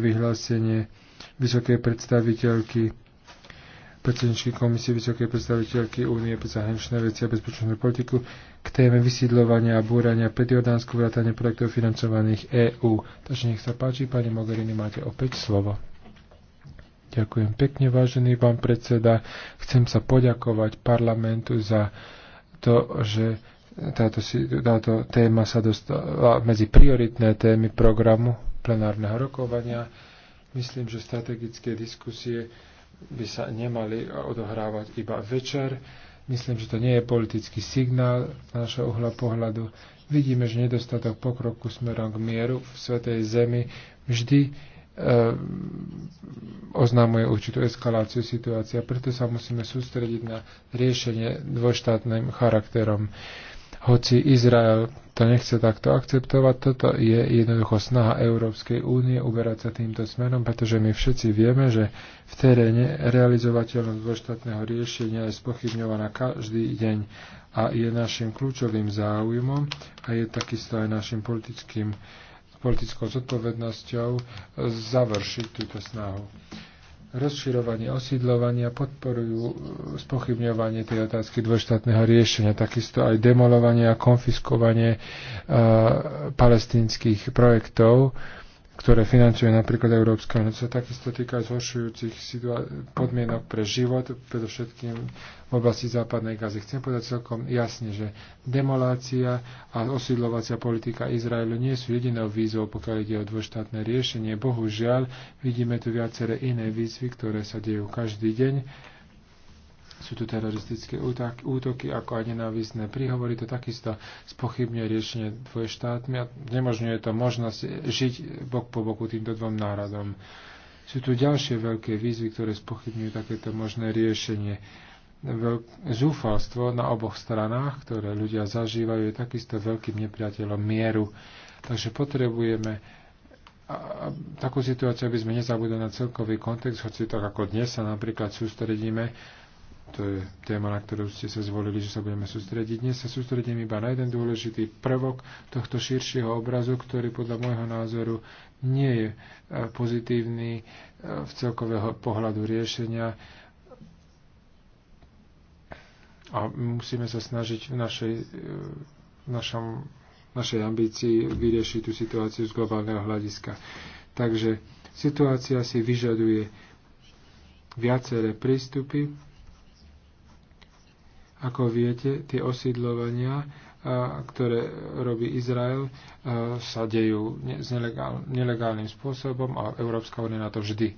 vyhlásenie vysokej predstaviteľky predsedničky komisie Vysokej predstaviteľky Únie pre zahraničné veci a bezpečnostnú politiku k téme vysídľovania a búrania pred Jordánsku vrátane projektov financovaných EÚ. Takže nech sa páči, pani Mogherini, máte opäť slovo. Ďakujem pekne, vážený pán predseda. Chcem sa poďakovať parlamentu za to, že táto, táto téma sa dostala medzi prioritné témy programu plenárneho rokovania. Myslím, že strategické diskusie by sa nemali odohrávať iba večer. Myslím, že to nie je politický signál našho uhla pohľadu. Vidíme, že nedostatok pokroku smerom k mieru v Svetej Zemi vždy e, oznamuje určitú eskaláciu situácie. Preto sa musíme sústrediť na riešenie dvoštátnym charakterom. E, hoci Izrael to nechce takto akceptovať, toto je jednoducho snaha Európskej únie uberať sa týmto smerom, pretože my všetci vieme, že v teréne realizovateľnosť dvoštátneho riešenia je spochybňovaná každý deň a je našim kľúčovým záujmom a je takisto aj našim politickým politickou zodpovednosťou završiť túto snahu rozširovanie osídlovania podporujú e, spochybňovanie tej otázky dvojštátneho riešenia, takisto aj demolovanie a konfiskovanie uh, e, palestínskych projektov, ktoré financuje napríklad Európska únia, sa takisto týka zhoršujúcich podmienok pre život, predovšetkým v oblasti západnej gazy. Chcem povedať celkom jasne, že demolácia a osídlovacia politika Izraelu nie sú jedinou výzvou, pokiaľ ide o dvoštátne riešenie. Bohužiaľ, vidíme tu viaceré iné výzvy, ktoré sa dejú každý deň sú tu teroristické útoky, ako aj nenávisné príhovory. To takisto spochybňuje riešenie dvoje štátmi a nemožňuje to možnosť žiť bok po boku týmto dvom národom. Sú tu ďalšie veľké výzvy, ktoré spochybňujú takéto možné riešenie zúfalstvo na oboch stranách, ktoré ľudia zažívajú, je takisto veľkým nepriateľom mieru. Takže potrebujeme takú situáciu, aby sme nezabudli na celkový kontext, hoci tak ako dnes sa napríklad sústredíme to je téma, na ktorú ste sa zvolili, že sa budeme sústrediť. Dnes sa sústredím iba na jeden dôležitý prvok tohto širšieho obrazu, ktorý podľa môjho názoru nie je e, pozitívny v e, celkového pohľadu riešenia a musíme sa snažiť v našej, e, v našom, našej ambícii vyriešiť tú situáciu z globálneho hľadiska. Takže situácia si vyžaduje viaceré prístupy, ako viete, tie osídlovania, ktoré robí Izrael, sa dejú nelegálnym spôsobom a Európska únia na to vždy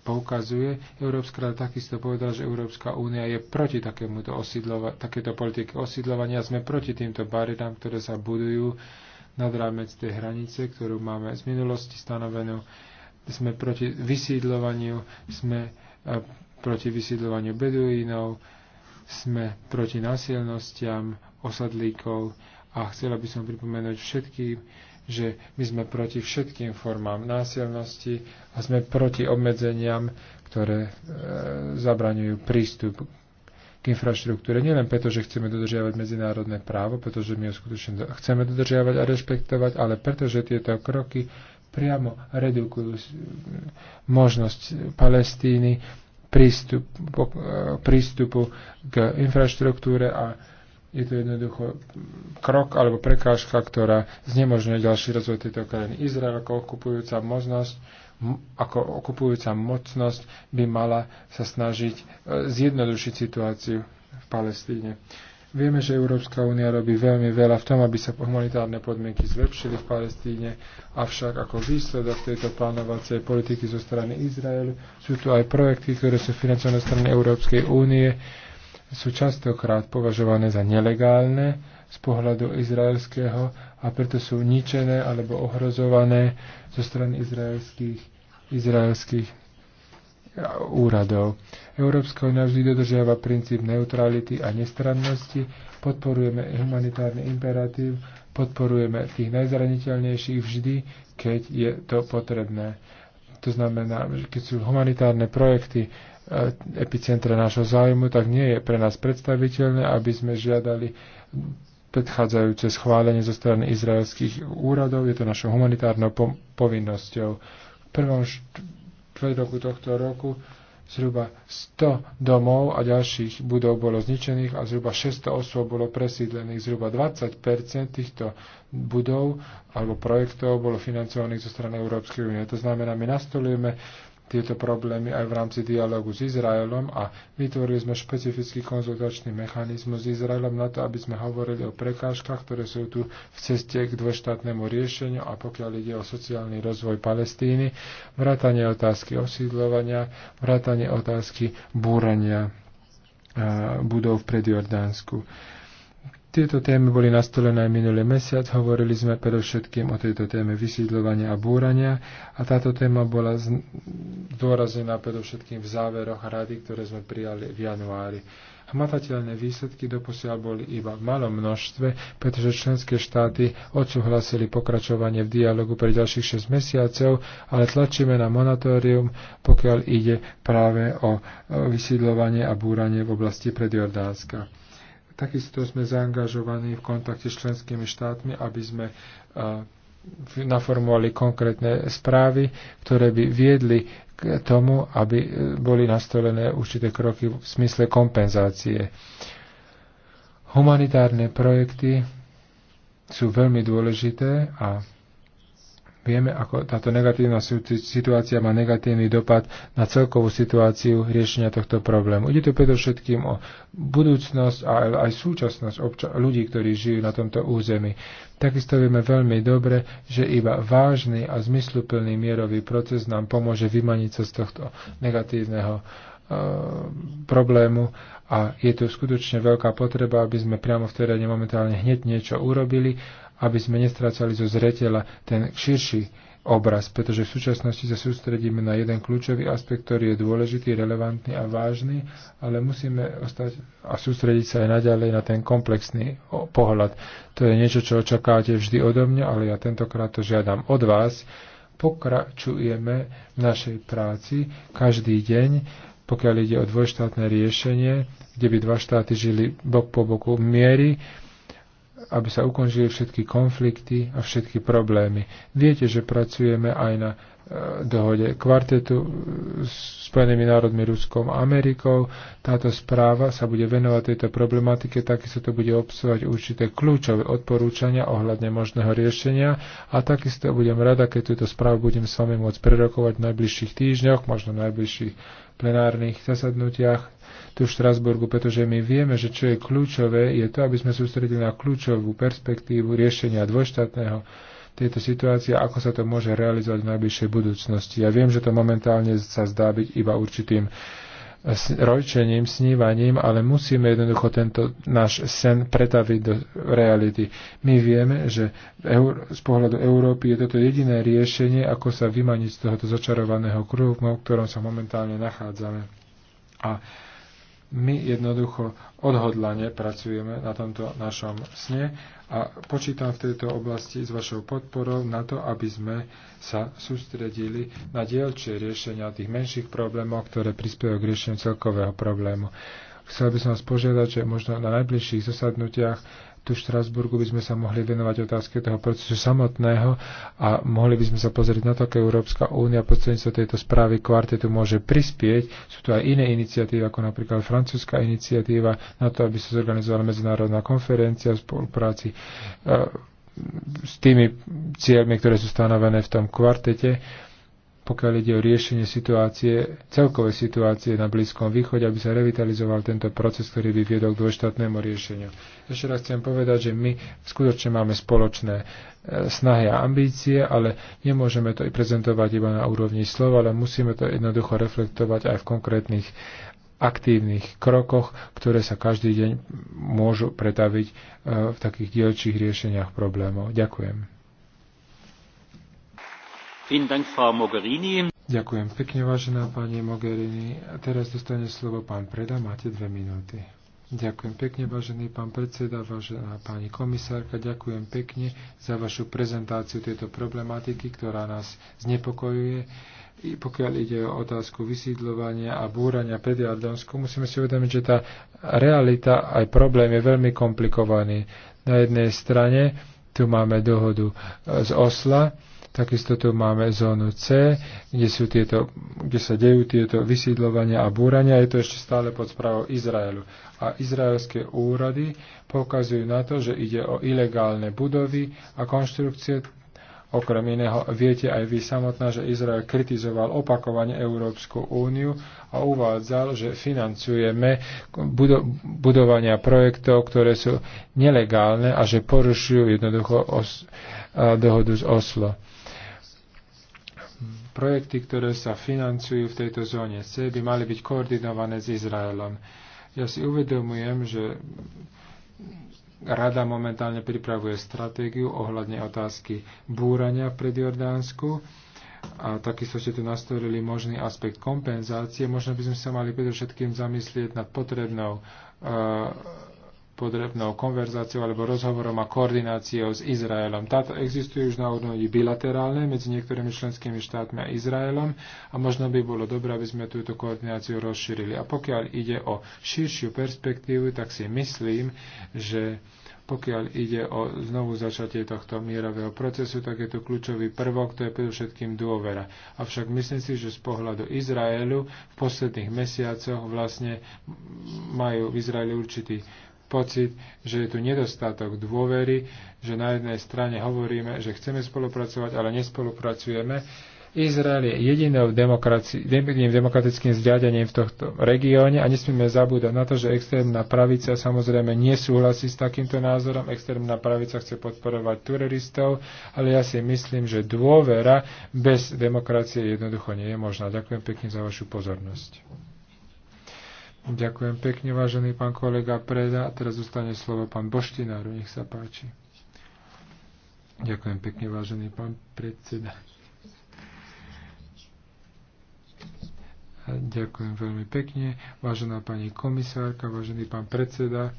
poukazuje. Európska rada takisto povedala, že Európska únia je proti takémuto osídlova- takéto politike osídlovania. Sme proti týmto baridám, ktoré sa budujú nad rámec tej hranice, ktorú máme z minulosti stanovenú. Sme proti vysídlovaniu, sme proti vysídlovaniu beduínov, sme proti násilnostiam osadlíkov a chcela by som pripomenúť všetkým, že my sme proti všetkým formám násilnosti a sme proti obmedzeniam, ktoré e, zabraňujú prístup k infraštruktúre. Nielen preto, že chceme dodržiavať medzinárodné právo, pretože my ho skutočne chceme dodržiavať a rešpektovať, ale pretože tieto kroky priamo redukujú možnosť Palestíny prístup, e, prístupu k infraštruktúre a je to jednoducho krok alebo prekážka, ktorá znemožňuje ďalší rozvoj tejto krajiny. Izrael ako okupujúca možnosť ako okupujúca mocnosť by mala sa snažiť e, zjednodušiť situáciu v Palestíne. Vieme, že Európska únia robí veľmi veľa v tom, aby sa humanitárne podmienky zlepšili v Palestíne, avšak ako výsledok tejto plánovacej politiky zo strany Izraelu sú tu aj projekty, ktoré sú financované zo strany Európskej únie, sú častokrát považované za nelegálne z pohľadu izraelského a preto sú ničené alebo ohrozované zo strany izraelských, izraelských úradov. Európska únia vždy dodržiava princíp neutrality a nestrannosti, podporujeme humanitárny imperatív, podporujeme tých najzraniteľnejších vždy, keď je to potrebné. To znamená, že keď sú humanitárne projekty e, epicentra nášho záujmu, tak nie je pre nás predstaviteľné, aby sme žiadali predchádzajúce schválenie zo strany izraelských úradov. Je to našou humanitárnou povinnosťou. V prvom št- roku tohto roku zhruba 100 domov a ďalších budov bolo zničených a zhruba 600 osôb bolo presídlených. Zhruba 20 týchto budov alebo projektov bolo financovaných zo strany Európskej únie. To znamená, my nastolujeme tieto problémy aj v rámci dialogu s Izraelom a vytvorili sme špecifický konzultačný mechanizmus s Izraelom na to, aby sme hovorili o prekážkach, ktoré sú tu v ceste k dvoštátnemu riešeniu a pokiaľ ide o sociálny rozvoj Palestíny, vrátanie otázky osídlovania, vrátanie otázky búrania eh, budov v Jordánsku. Tieto témy boli nastolené aj minulý mesiac, hovorili sme predovšetkým o tejto téme vysídľovania a búrania a táto téma bola zdôrazená predovšetkým v záveroch rady, ktoré sme prijali v januári. Hmatateľné výsledky doposiaľ boli iba v malom množstve, pretože členské štáty odsúhlasili pokračovanie v dialogu pre ďalších 6 mesiacov, ale tlačíme na monatórium, pokiaľ ide práve o vysídľovanie a búranie v oblasti predjordánska. Takisto sme zaangažovaní v kontakte s členskými štátmi, aby sme e, naformovali konkrétne správy, ktoré by viedli k tomu, aby e, boli nastolené určité kroky v smysle kompenzácie. Humanitárne projekty sú veľmi dôležité a Vieme, ako táto negatívna situácia má negatívny dopad na celkovú situáciu riešenia tohto problému. Ide tu predovšetkým o budúcnosť a aj súčasnosť obča- ľudí, ktorí žijú na tomto území. Takisto vieme veľmi dobre, že iba vážny a zmysluplný mierový proces nám pomôže vymaniť sa z tohto negatívneho e, problému a je tu skutočne veľká potreba, aby sme priamo v teréne momentálne hneď niečo urobili aby sme nestrácali zo zreteľa ten širší obraz, pretože v súčasnosti sa sústredíme na jeden kľúčový aspekt, ktorý je dôležitý, relevantný a vážny, ale musíme ostať a sústrediť sa aj naďalej na ten komplexný pohľad. To je niečo, čo očakávate vždy odo mňa, ale ja tentokrát to žiadam od vás. Pokračujeme v našej práci každý deň, pokiaľ ide o dvojštátne riešenie, kde by dva štáty žili bok po boku miery, aby sa ukončili všetky konflikty a všetky problémy. Viete, že pracujeme aj na dohode kvartetu s Spojenými národmi, Ruskom a Amerikou. Táto správa sa bude venovať tejto problematike, takisto to bude obsahovať určité kľúčové odporúčania ohľadne možného riešenia a takisto budem rada, keď túto správu budem s vami môcť prerokovať v najbližších týždňoch, možno v najbližších plenárnych zasadnutiach tu v Štrasburgu, pretože my vieme, že čo je kľúčové, je to, aby sme sústredili na kľúčovú perspektívu riešenia dvojštátneho tejto situácie ako sa to môže realizovať v najbližšej budúcnosti. Ja viem, že to momentálne sa zdá byť iba určitým rojčením, snívaním, ale musíme jednoducho tento náš sen pretaviť do reality. My vieme, že z pohľadu Európy je toto jediné riešenie, ako sa vymaniť z tohoto začarovaného kruhu, v ktorom sa momentálne nachádzame. A my jednoducho odhodlane pracujeme na tomto našom sne a počítam v tejto oblasti s vašou podporou na to, aby sme sa sústredili na dielčie riešenia tých menších problémov, ktoré prispievajú k riešeniu celkového problému. Chcel by som vás požiadať, že možno na najbližších zasadnutiach tu v Štrasburgu by sme sa mohli venovať otázke toho procesu samotného a mohli by sme sa pozrieť na to, ako Európska únia prostredníctvom tejto správy kvartetu môže prispieť. Sú tu aj iné iniciatívy, ako napríklad francúzska iniciatíva na to, aby sa zorganizovala medzinárodná konferencia v spolupráci eh, s tými cieľmi, ktoré sú stanovené v tom kvartete pokiaľ ide o riešenie situácie, celkovej situácie na Blízkom východe, aby sa revitalizoval tento proces, ktorý by viedol k dvojštátnemu riešeniu. Ešte raz chcem povedať, že my skutočne máme spoločné e, snahy a ambície, ale nemôžeme to i prezentovať iba na úrovni slova, ale musíme to jednoducho reflektovať aj v konkrétnych aktívnych krokoch, ktoré sa každý deň môžu pretaviť e, v takých dielčích riešeniach problémov. Ďakujem. Ďakujem pekne, vážená pani Mogherini. A teraz dostane slovo pán Preda, máte dve minúty. Ďakujem pekne, vážený pán predseda, vážená pani komisárka, ďakujem pekne za vašu prezentáciu tejto problematiky, ktorá nás znepokojuje. I pokiaľ ide o otázku vysídľovania a búrania pred Jardonskou, musíme si uvedomiť, že tá realita aj problém je veľmi komplikovaný. Na jednej strane tu máme dohodu z Osla, Takisto tu máme zónu C, kde, sú tieto, kde sa dejú tieto vysídlovania a búrania. Je to ešte stále pod správou Izraelu. A izraelské úrady poukazujú na to, že ide o ilegálne budovy a konštrukcie. Okrem iného, viete aj vy samotná, že Izrael kritizoval opakovane Európsku úniu a uvádzal, že financujeme budo- budovania projektov, ktoré sú nelegálne a že porušujú jednoducho os- dohodu z Oslo projekty, ktoré sa financujú v tejto zóne C, by mali byť koordinované s Izraelom. Ja si uvedomujem, že Rada momentálne pripravuje stratégiu ohľadne otázky búrania v Jordánsku a takisto ste tu nastavili možný aspekt kompenzácie. Možno by sme sa mali predovšetkým zamyslieť nad potrebnou uh, podrebnou konverzáciou alebo rozhovorom a koordináciou s Izraelom. Táto existuje už na úrovni bilaterálnej medzi niektorými členskými štátmi a Izraelom a možno by bolo dobré, aby sme túto koordináciu rozšírili. A pokiaľ ide o širšiu perspektívu, tak si myslím, že pokiaľ ide o znovu začatie tohto mierového procesu, tak je to kľúčový prvok, to je predovšetkým dôvera. Avšak myslím si, že z pohľadu Izraelu v posledných mesiacoch vlastne majú v Izraeli určitý pocit, že je tu nedostatok dôvery, že na jednej strane hovoríme, že chceme spolupracovať, ale nespolupracujeme. Izrael je demokraci- demokratickým zriadením v tohto regióne a nesmíme zabúdať na to, že extrémna pravica samozrejme nesúhlasí s takýmto názorom. Extrémna pravica chce podporovať turistov, ale ja si myslím, že dôvera bez demokracie jednoducho nie je možná. Ďakujem pekne za vašu pozornosť. Ďakujem pekne, vážený pán kolega Preda. Teraz zostane slovo pán Boštináru, nech sa páči. Ďakujem pekne, vážený pán predseda. Ďakujem veľmi pekne, vážená pani komisárka, vážený pán predseda.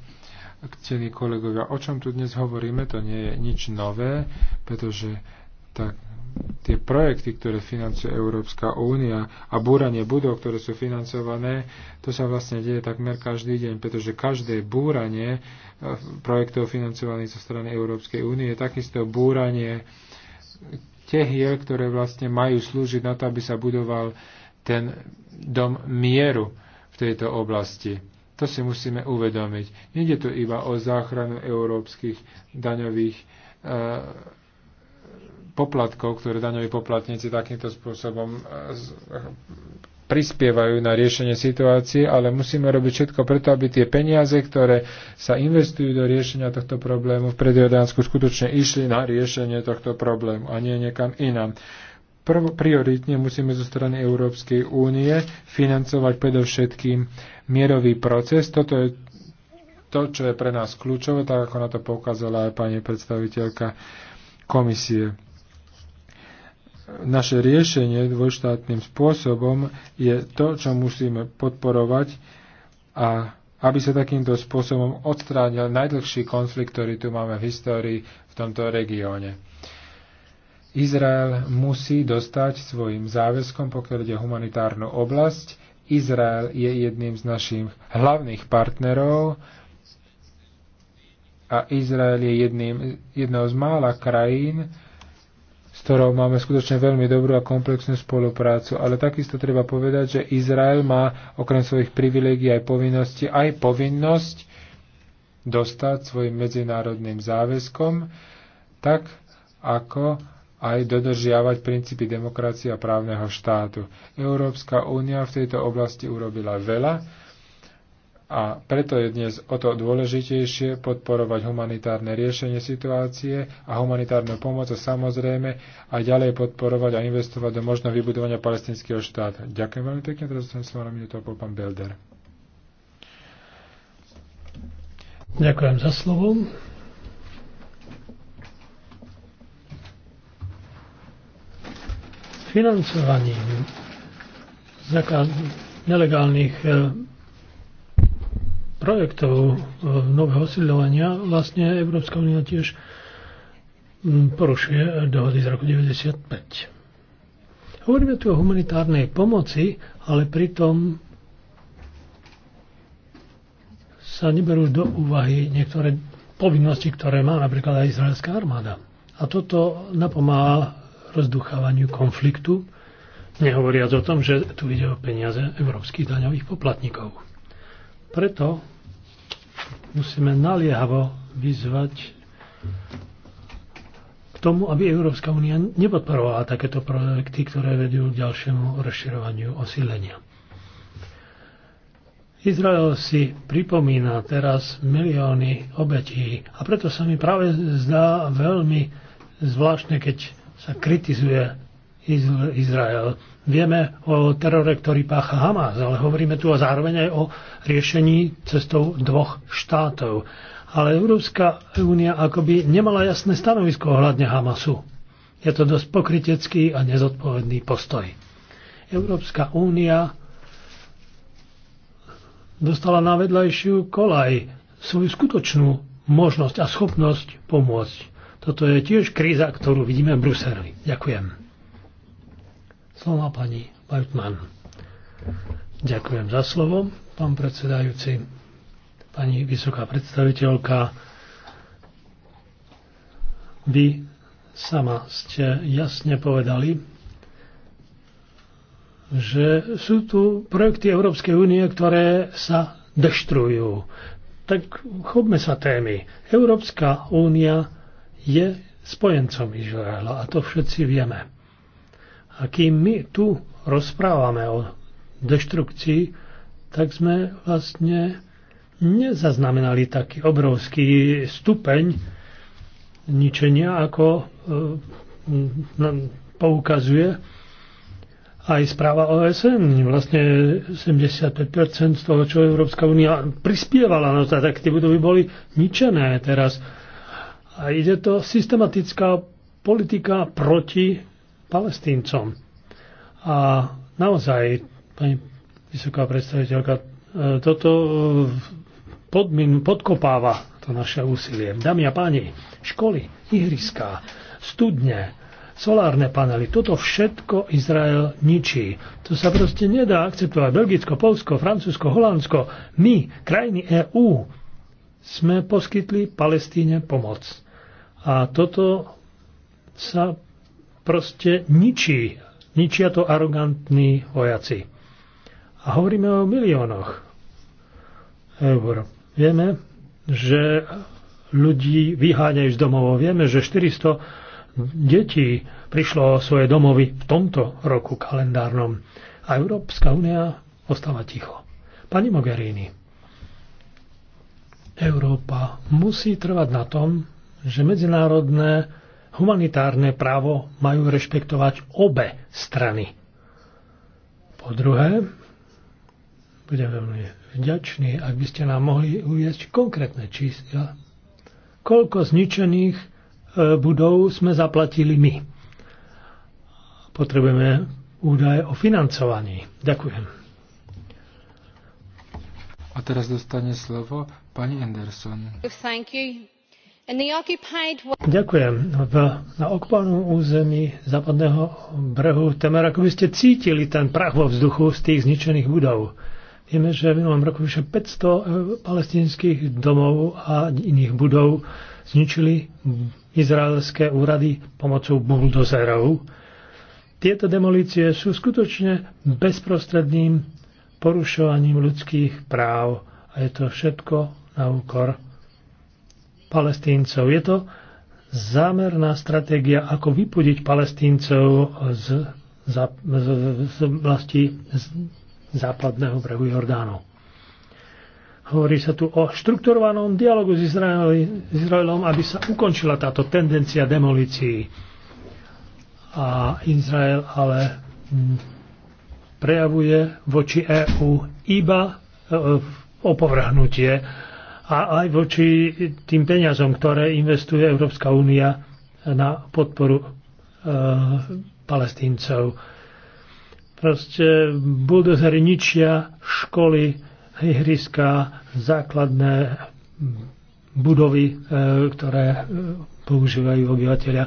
Ctení kolegovia, o čom tu dnes hovoríme, to nie je nič nové, pretože tak tie projekty, ktoré financuje Európska únia a búranie budov, ktoré sú financované, to sa vlastne deje takmer každý deň, pretože každé búranie e, projektov financovaných zo strany Európskej únie je takisto búranie tehiel, ktoré vlastne majú slúžiť na to, aby sa budoval ten dom mieru v tejto oblasti. To si musíme uvedomiť. Nede tu iba o záchranu európskych daňových e, poplatkov, ktoré daňoví poplatníci takýmto spôsobom e, e, prispievajú na riešenie situácie, ale musíme robiť všetko preto, aby tie peniaze, ktoré sa investujú do riešenia tohto problému v Predjordánsku, skutočne išli na riešenie tohto problému a nie niekam inam. Prv, prioritne musíme zo strany Európskej únie financovať predovšetkým mierový proces. Toto je to, čo je pre nás kľúčové, tak ako na to poukázala aj pani predstaviteľka komisie naše riešenie dvojštátnym spôsobom je to, čo musíme podporovať a aby sa takýmto spôsobom odstránil najdlhší konflikt, ktorý tu máme v histórii v tomto regióne. Izrael musí dostať svojim záväzkom, pokiaľ ide humanitárnu oblasť. Izrael je jedným z našich hlavných partnerov a Izrael je jedným, jednou z mála krajín, ktorou máme skutočne veľmi dobrú a komplexnú spoluprácu. Ale takisto treba povedať, že Izrael má okrem svojich privilégií aj povinnosti, aj povinnosť dostať svojim medzinárodným záväzkom, tak ako aj dodržiavať princípy demokracie a právneho štátu. Európska únia v tejto oblasti urobila veľa a preto je dnes o to dôležitejšie podporovať humanitárne riešenie situácie a humanitárnu pomoc a samozrejme a ďalej podporovať a investovať do možno vybudovania palestinského štátu. Ďakujem veľmi pekne, teraz som slovo na minútu pol pán Belder. Ďakujem za slovo. financovaním nelegálnych eh, projektov e, nového osídľovania vlastne Európska únia tiež porušuje dohody z roku 1995. Hovoríme tu o humanitárnej pomoci, ale pritom sa neberú do úvahy niektoré povinnosti, ktoré má napríklad aj izraelská armáda. A toto napomáha rozduchávaniu konfliktu, nehovoriac o tom, že tu ide o peniaze európskych daňových poplatníkov. Preto musíme naliehavo vyzvať k tomu, aby Európska únia nepodporovala takéto projekty, ktoré vedú k ďalšiemu rozširovaniu osídlenia. Izrael si pripomína teraz milióny obetí a preto sa mi práve zdá veľmi zvláštne, keď sa kritizuje Izrael Vieme o terore, ktorý pácha Hamas, ale hovoríme tu a zároveň aj o riešení cestou dvoch štátov. Ale Európska únia akoby nemala jasné stanovisko ohľadne Hamasu. Je to dosť pokrytecký a nezodpovedný postoj. Európska únia dostala na vedľajšiu kolaj svoju skutočnú možnosť a schopnosť pomôcť. Toto je tiež kríza, ktorú vidíme v Bruseli. Ďakujem. Slova pani Bajtman. Ďakujem za slovo, pán predsedajúci, pani vysoká predstaviteľka. Vy sama ste jasne povedali, že sú tu projekty Európskej únie, ktoré sa deštrujú. Tak chopme sa témy. Európska únia je spojencom Izraela a to všetci vieme. A kým my tu rozprávame o deštrukcii, tak sme vlastne nezaznamenali taký obrovský stupeň ničenia, ako e, poukazuje aj správa OSN. Vlastne 75% z toho, čo Európska únia prispievala, no tak tie budovy boli ničené teraz. A ide to systematická politika proti palestíncom. A naozaj, pani vysoká predstaviteľka, e, toto e, podmin, podkopáva to naše úsilie. Dámy a páni, školy, ihriská, studne, solárne panely, toto všetko Izrael ničí. To sa proste nedá akceptovať. Belgicko, Polsko, Francúzsko, Holandsko, my, krajiny EÚ, sme poskytli Palestíne pomoc. A toto sa proste ničí. Ničia to arogantní vojaci. A hovoríme o miliónoch eur. Vieme, že ľudí vyháňajú z domov. Vieme, že 400 detí prišlo o svoje domovy v tomto roku kalendárnom. A Európska únia ostáva ticho. Pani Mogherini, Európa musí trvať na tom, že medzinárodné humanitárne právo majú rešpektovať obe strany. Po druhé, budem veľmi vďačný, ak by ste nám mohli uviezť konkrétne čísla. Koľko zničených e, budov sme zaplatili my? Potrebujeme údaje o financovaní. Ďakujem. A teraz dostane slovo pani Anderson. Thank you. Ďakujem. V, na okupovanom území západného brehu temer ako by ste cítili ten prach vo vzduchu z tých zničených budov. Vieme, že v minulom roku vyše 500 e, palestinských domov a iných budov zničili izraelské úrady pomocou buldozerov. Tieto demolície sú skutočne bezprostredným porušovaním ľudských práv a je to všetko na úkor palestíncov. Je to zámerná stratégia, ako vypudiť palestíncov z, z, z vlasti z západného brehu Jordánu. Hovorí sa tu o štrukturovanom dialogu s, Izraeli, s Izraelom, aby sa ukončila táto tendencia demolícií. A Izrael ale hm, prejavuje voči EÚ iba e, opovrhnutie a aj voči tým peniazom, ktoré investuje Európska únia na podporu e, palestíncov. Proste buldozery ničia školy, ihriska, základné budovy, e, ktoré e, používajú obyvateľia.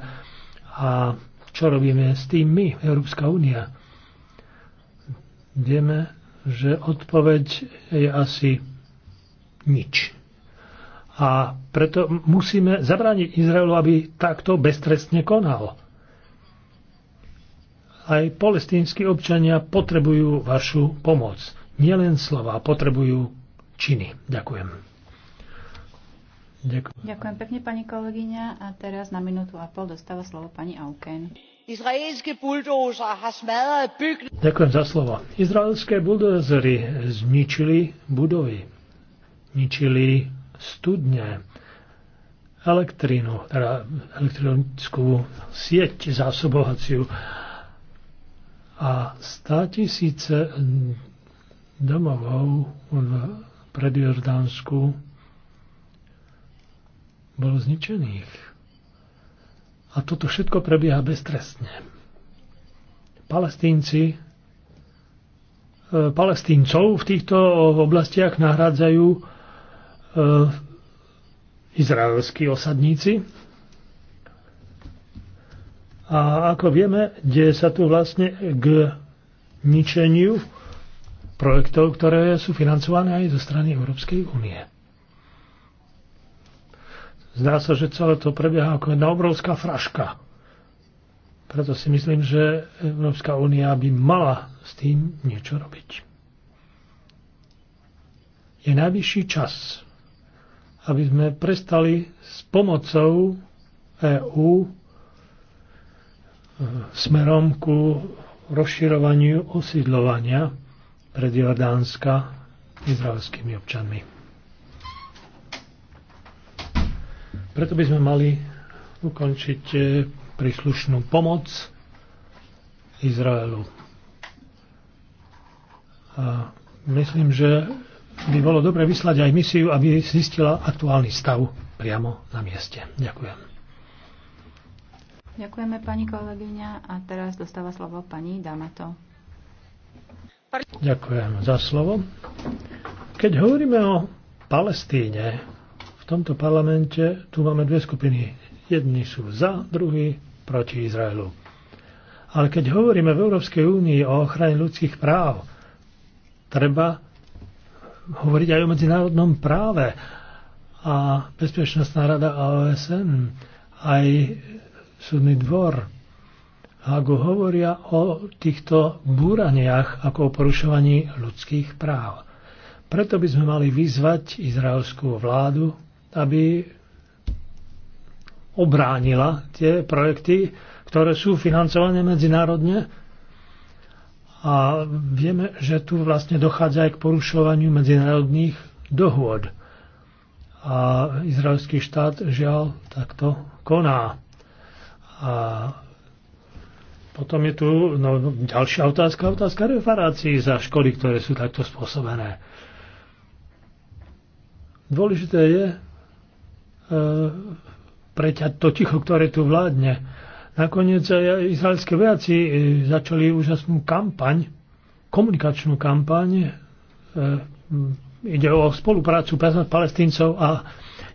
A čo robíme s tým my, Európska únia? Vieme, že odpoveď je asi nič. A preto musíme zabrániť Izraelu, aby takto beztrestne konal. Aj palestínsky občania potrebujú vašu pomoc. Nielen slova, potrebujú činy. Ďakujem. Ďakujem. Ďakujem pekne, pani kolegyňa. A teraz na minútu a pol dostáva slovo pani Auken. Ďakujem za slovo. Izraelské buldozery zničili budovy, ničili studne, elektrínu, teda elektronickú sieť zásobovaciu a 100 tisíce domovou v predjordánsku bolo zničených. A toto všetko prebieha beztrestne. Palestínci e, Palestíncov v týchto oblastiach nahrádzajú Eh, izraelskí osadníci. A ako vieme, deje sa tu vlastne k ničeniu projektov, ktoré sú financované aj zo strany Európskej únie. Zdá sa, že celé to prebieha ako jedna obrovská fraška. Preto si myslím, že Európska únia by mala s tým niečo robiť. Je najvyšší čas, aby sme prestali s pomocou EÚ e, smerom ku rozširovaniu osídlovania pred Jordánska izraelskými občanmi. Preto by sme mali ukončiť e, príslušnú pomoc Izraelu. A myslím, že by bolo dobre vyslať aj misiu, aby zistila aktuálny stav priamo na mieste. Ďakujem. Ďakujeme pani kolegyňa a teraz dostáva slovo pani Damato. Ďakujem za slovo. Keď hovoríme o Palestíne, v tomto parlamente tu máme dve skupiny. Jedni sú za, druhí proti Izraelu. Ale keď hovoríme v Európskej únii o ochrane ľudských práv, treba hovoriť aj o medzinárodnom práve. A Bezpečnostná rada OSN, aj súdny dvor Hagu hovoria o týchto búraniach ako o porušovaní ľudských práv. Preto by sme mali vyzvať izraelskú vládu, aby obránila tie projekty, ktoré sú financované medzinárodne a vieme, že tu vlastne dochádza aj k porušovaniu medzinárodných dohôd. A izraelský štát žiaľ takto koná. A potom je tu no, ďalšia otázka, otázka reparácií za školy, ktoré sú takto spôsobené. Dôležité je e, preťať to ticho, ktoré tu vládne Nakoniec aj izraelské vojaci e, začali úžasnú kampaň, komunikačnú kampaň. E, ide o spoluprácu palestíncov a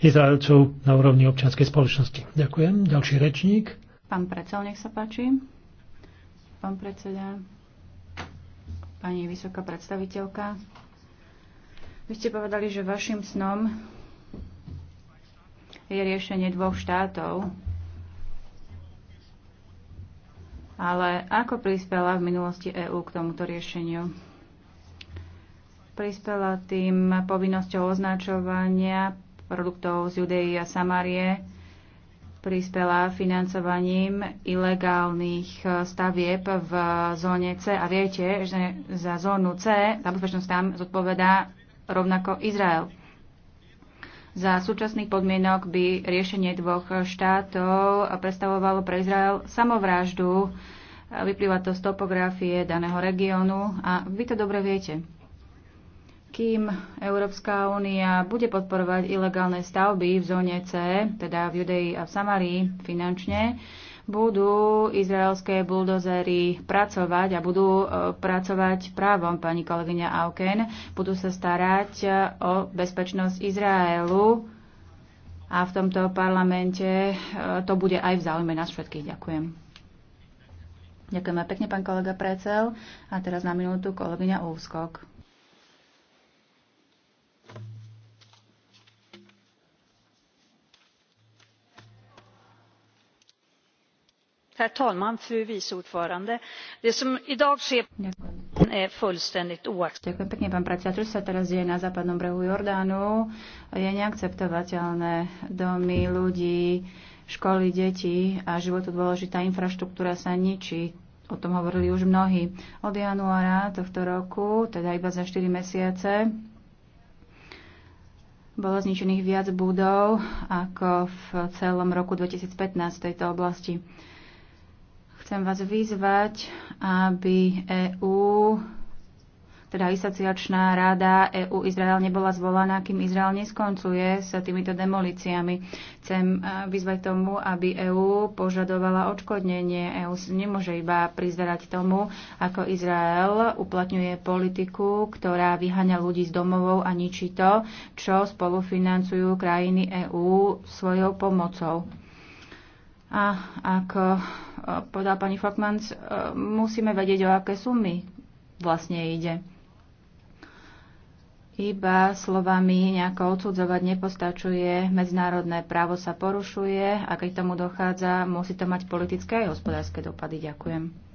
Izraelcov na úrovni občianskej spoločnosti. Ďakujem. Ďalší rečník. Pán predsel, nech sa páči. Pán predseda, pani vysoká predstaviteľka, vy ste povedali, že vašim snom je riešenie dvoch štátov ale ako prispela v minulosti EÚ k tomuto riešeniu? Prispela tým povinnosťou označovania produktov z Judei a Samárie, prispela financovaním ilegálnych e, stavieb v zóne C. A viete, že za zónu C, za bezpečnosť tam zodpovedá rovnako Izrael. Za súčasných podmienok by riešenie dvoch štátov predstavovalo pre Izrael samovraždu. Vyplýva to z topografie daného regiónu a vy to dobre viete. Kým Európska únia bude podporovať ilegálne stavby v zóne C, teda v Judei a v Samarii finančne, budú izraelské buldozery pracovať a budú e, pracovať právom, pani kolegyňa Auken. Budú sa starať e, o bezpečnosť Izraelu a v tomto parlamente e, to bude aj v záujme nás všetkých. Ďakujem. Ďakujeme pekne, pán kolega Precel. A teraz na minútu kolegyňa Úskok. herr talman fru vice ordförande! det som i dag sker je fullständigt oacceptabelt. sa teraz deje na západnom brehu jordánu je neakceptovateľné. domy ľudí školy deti a životu dôležitá infraštruktúra sa ničí. O tom hovorili už mnohí. Od januára tohto roku, teda iba za 4 mesiace, bolo zničených viac budov ako v celom roku 2015 v tejto oblasti. Chcem vás vyzvať, aby EÚ, teda Isociačná rada EÚ Izrael nebola zvolaná, kým Izrael neskoncuje s týmito demolíciami. Chcem e, vyzvať tomu, aby EÚ požadovala odškodnenie. EÚ nemôže iba prizerať tomu, ako Izrael uplatňuje politiku, ktorá vyháňa ľudí z domovov a ničí to, čo spolufinancujú krajiny EÚ svojou pomocou. A ako povedala pani Falkmans, e, musíme vedieť, o aké sumy vlastne ide. Iba slovami nejako odsudzovať nepostačuje, medzinárodné právo sa porušuje a keď tomu dochádza, musí to mať politické aj hospodárske dopady. Ďakujem.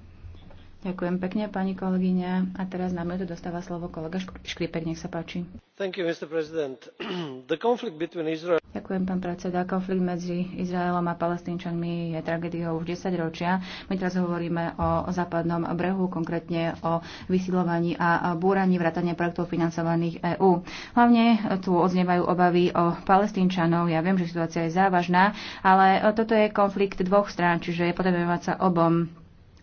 Ďakujem pekne, pani kolegyňa. A teraz na minútu dostáva slovo kolega Škripek, nech sa páči. Thank you, Mr. President. The conflict between Israel... Ďakujem, pán predseda. Konflikt medzi Izraelom a palestínčanmi je tragédiou už 10 ročia. My teraz hovoríme o západnom brehu, konkrétne o vysilovaní a búraní vrátania projektov financovaných EÚ. Hlavne tu odznievajú obavy o palestínčanov. Ja viem, že situácia je závažná, ale toto je konflikt dvoch strán, čiže je potrebné sa obom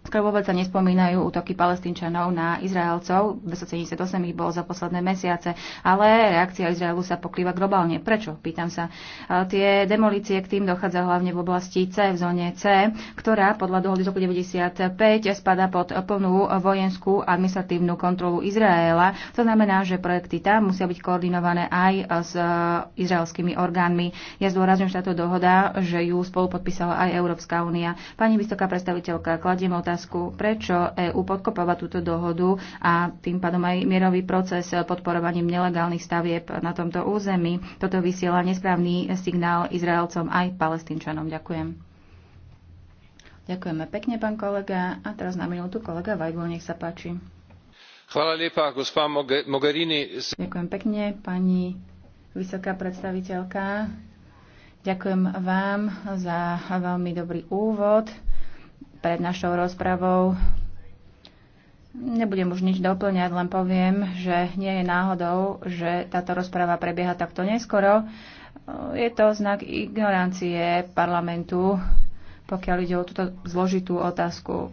skoro vôbec sa nespomínajú útoky palestínčanov na Izraelcov. 278 ich bolo za posledné mesiace, ale reakcia Izraelu sa pokrýva globálne. Prečo? Pýtam sa. Tie demolície k tým dochádza hlavne v oblasti C, v zóne C, ktorá podľa dohody z roku 95 spada pod plnú vojenskú administratívnu kontrolu Izraela. To znamená, že projekty tam musia byť koordinované aj s izraelskými orgánmi. Ja zdôrazňujem, že táto dohoda, že ju spolupodpísala aj Európska únia. Pani vysoká predstaviteľka, kladiem otázku otázku, prečo EÚ podkopáva túto dohodu a tým pádom aj mierový proces podporovaním nelegálnych stavieb na tomto území. Toto vysiela nesprávny signál Izraelcom aj palestínčanom. Ďakujem. Ďakujeme pekne, pán kolega. A teraz na minútu kolega Vajgul, nech sa páči. Hvala lepa, gospa Mogherini. Ďakujem pekne, pani vysoká predstaviteľka. Ďakujem vám za veľmi dobrý úvod pred našou rozpravou. Nebudem už nič doplňať, len poviem, že nie je náhodou, že táto rozprava prebieha takto neskoro. Je to znak ignorancie parlamentu, pokiaľ ide o túto zložitú otázku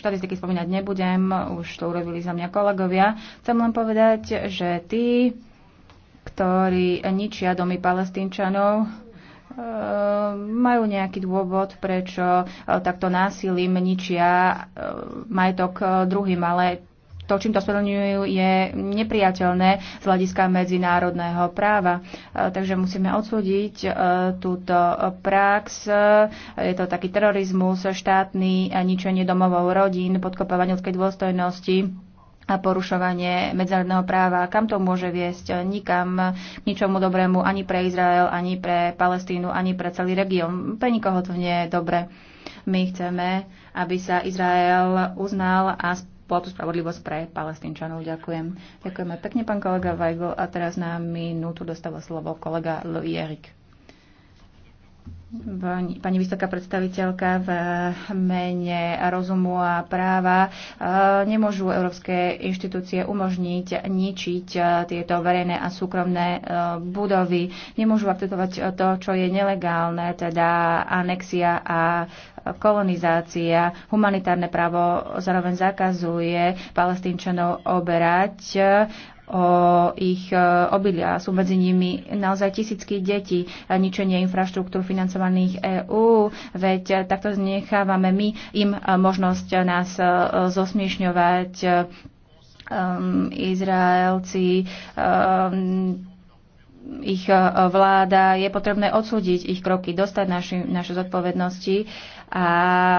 štatistiky spomínať nebudem, už to urobili za mňa kolegovia. Chcem len povedať, že tí, ktorí ničia domy palestínčanov, Ehm, majú nejaký dôvod, prečo e, takto násilím ničia e, majetok e, druhým, ale to, čím to splňujú, je nepriateľné z hľadiska medzinárodného práva. Takže musíme odsúdiť túto prax. Je to taký terorizmus štátny, ničenie domovov rodín, podkopávanie ľudskej dôstojnosti a porušovanie medzinárodného práva. Kam to môže viesť? Nikam, k ničomu dobrému ani pre Izrael, ani pre Palestínu, ani pre celý región. Pre nikoho to nie je dobre. My chceme, aby sa Izrael uznal a bola tu spravodlivosť pre palestínčanov. Ďakujem. Ďakujeme pekne, pán kolega Weigl. A teraz na minútu dostáva slovo kolega Louis Pani, pani vysoká predstaviteľka v mene rozumu a práva e, nemôžu európske inštitúcie umožniť ničiť e, tieto verejné a súkromné e, budovy. Nemôžu akceptovať to, čo je nelegálne, teda anexia a kolonizácia. Humanitárne právo zároveň zakazuje palestínčanov oberať o ich e, obilia. Sú medzi nimi naozaj tisícky detí, e, ničenie infraštruktúr financovaných EÚ, veď e, takto znechávame my im možnosť nás zosmiešňovať. Um, Izraelci um, ich vláda, je potrebné odsúdiť ich kroky, dostať naši, naše zodpovednosti. Uh, a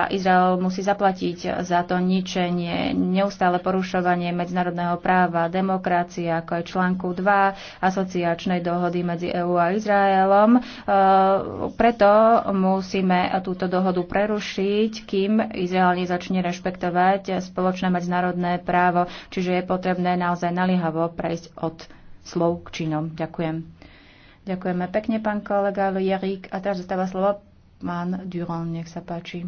Izrael musí zaplatiť za to ničenie, neustále porušovanie medzinárodného práva, demokracie, ako aj článku 2 asociačnej dohody medzi EÚ a Izraelom. E, preto musíme túto dohodu prerušiť, kým Izrael nezačne rešpektovať spoločné medzinárodné právo, čiže je potrebné naozaj naliehavo prejsť od slov k činom. Ďakujem. Ďakujeme pekne, pán kolega Jarík A teraz zostáva slovo Pán Duron, nech sa páči.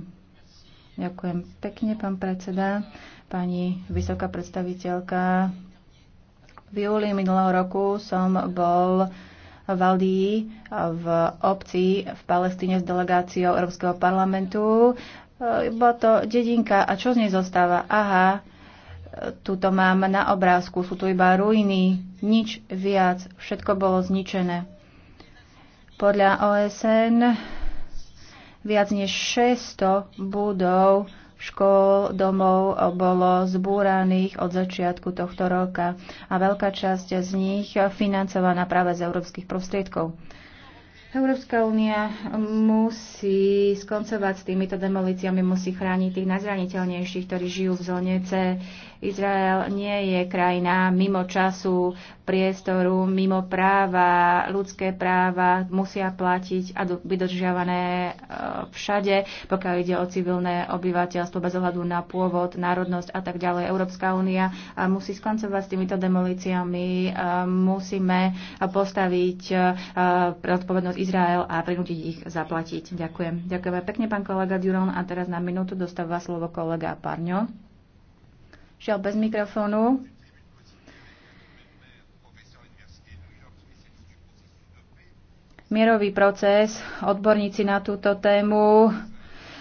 Ďakujem pekne, pán predseda. Pani vysoká predstaviteľka, v júli minulého roku som bol Valdii v obci v Palestíne s delegáciou Európskeho parlamentu. E, bola to dedinka a čo z nej zostáva? Aha, tuto mám na obrázku, sú tu iba ruiny, nič viac, všetko bolo zničené. Podľa OSN Viac než 600 budov škôl, domov bolo zbúraných od začiatku tohto roka a veľká časť z nich financovaná práve z európskych prostriedkov. Európska únia musí skoncovať s týmito demolíciami, musí chrániť tých najzraniteľnejších, ktorí žijú v zóne C. Izrael nie je krajina mimo času, priestoru, mimo práva, ľudské práva musia platiť a byť dodržiavané e, všade, pokiaľ ide o civilné obyvateľstvo bez ohľadu na pôvod, národnosť a tak ďalej. Európska únia e, musí skoncovať s týmito demolíciami, e, musíme postaviť odpovednosť Izrael a prinútiť ich zaplatiť. Ďakujem. Ďakujem pekne, pán kolega Duron. A teraz na minútu dostáva slovo kolega Parňo žiaľ bez mikrofónu. Mierový proces, odborníci na túto tému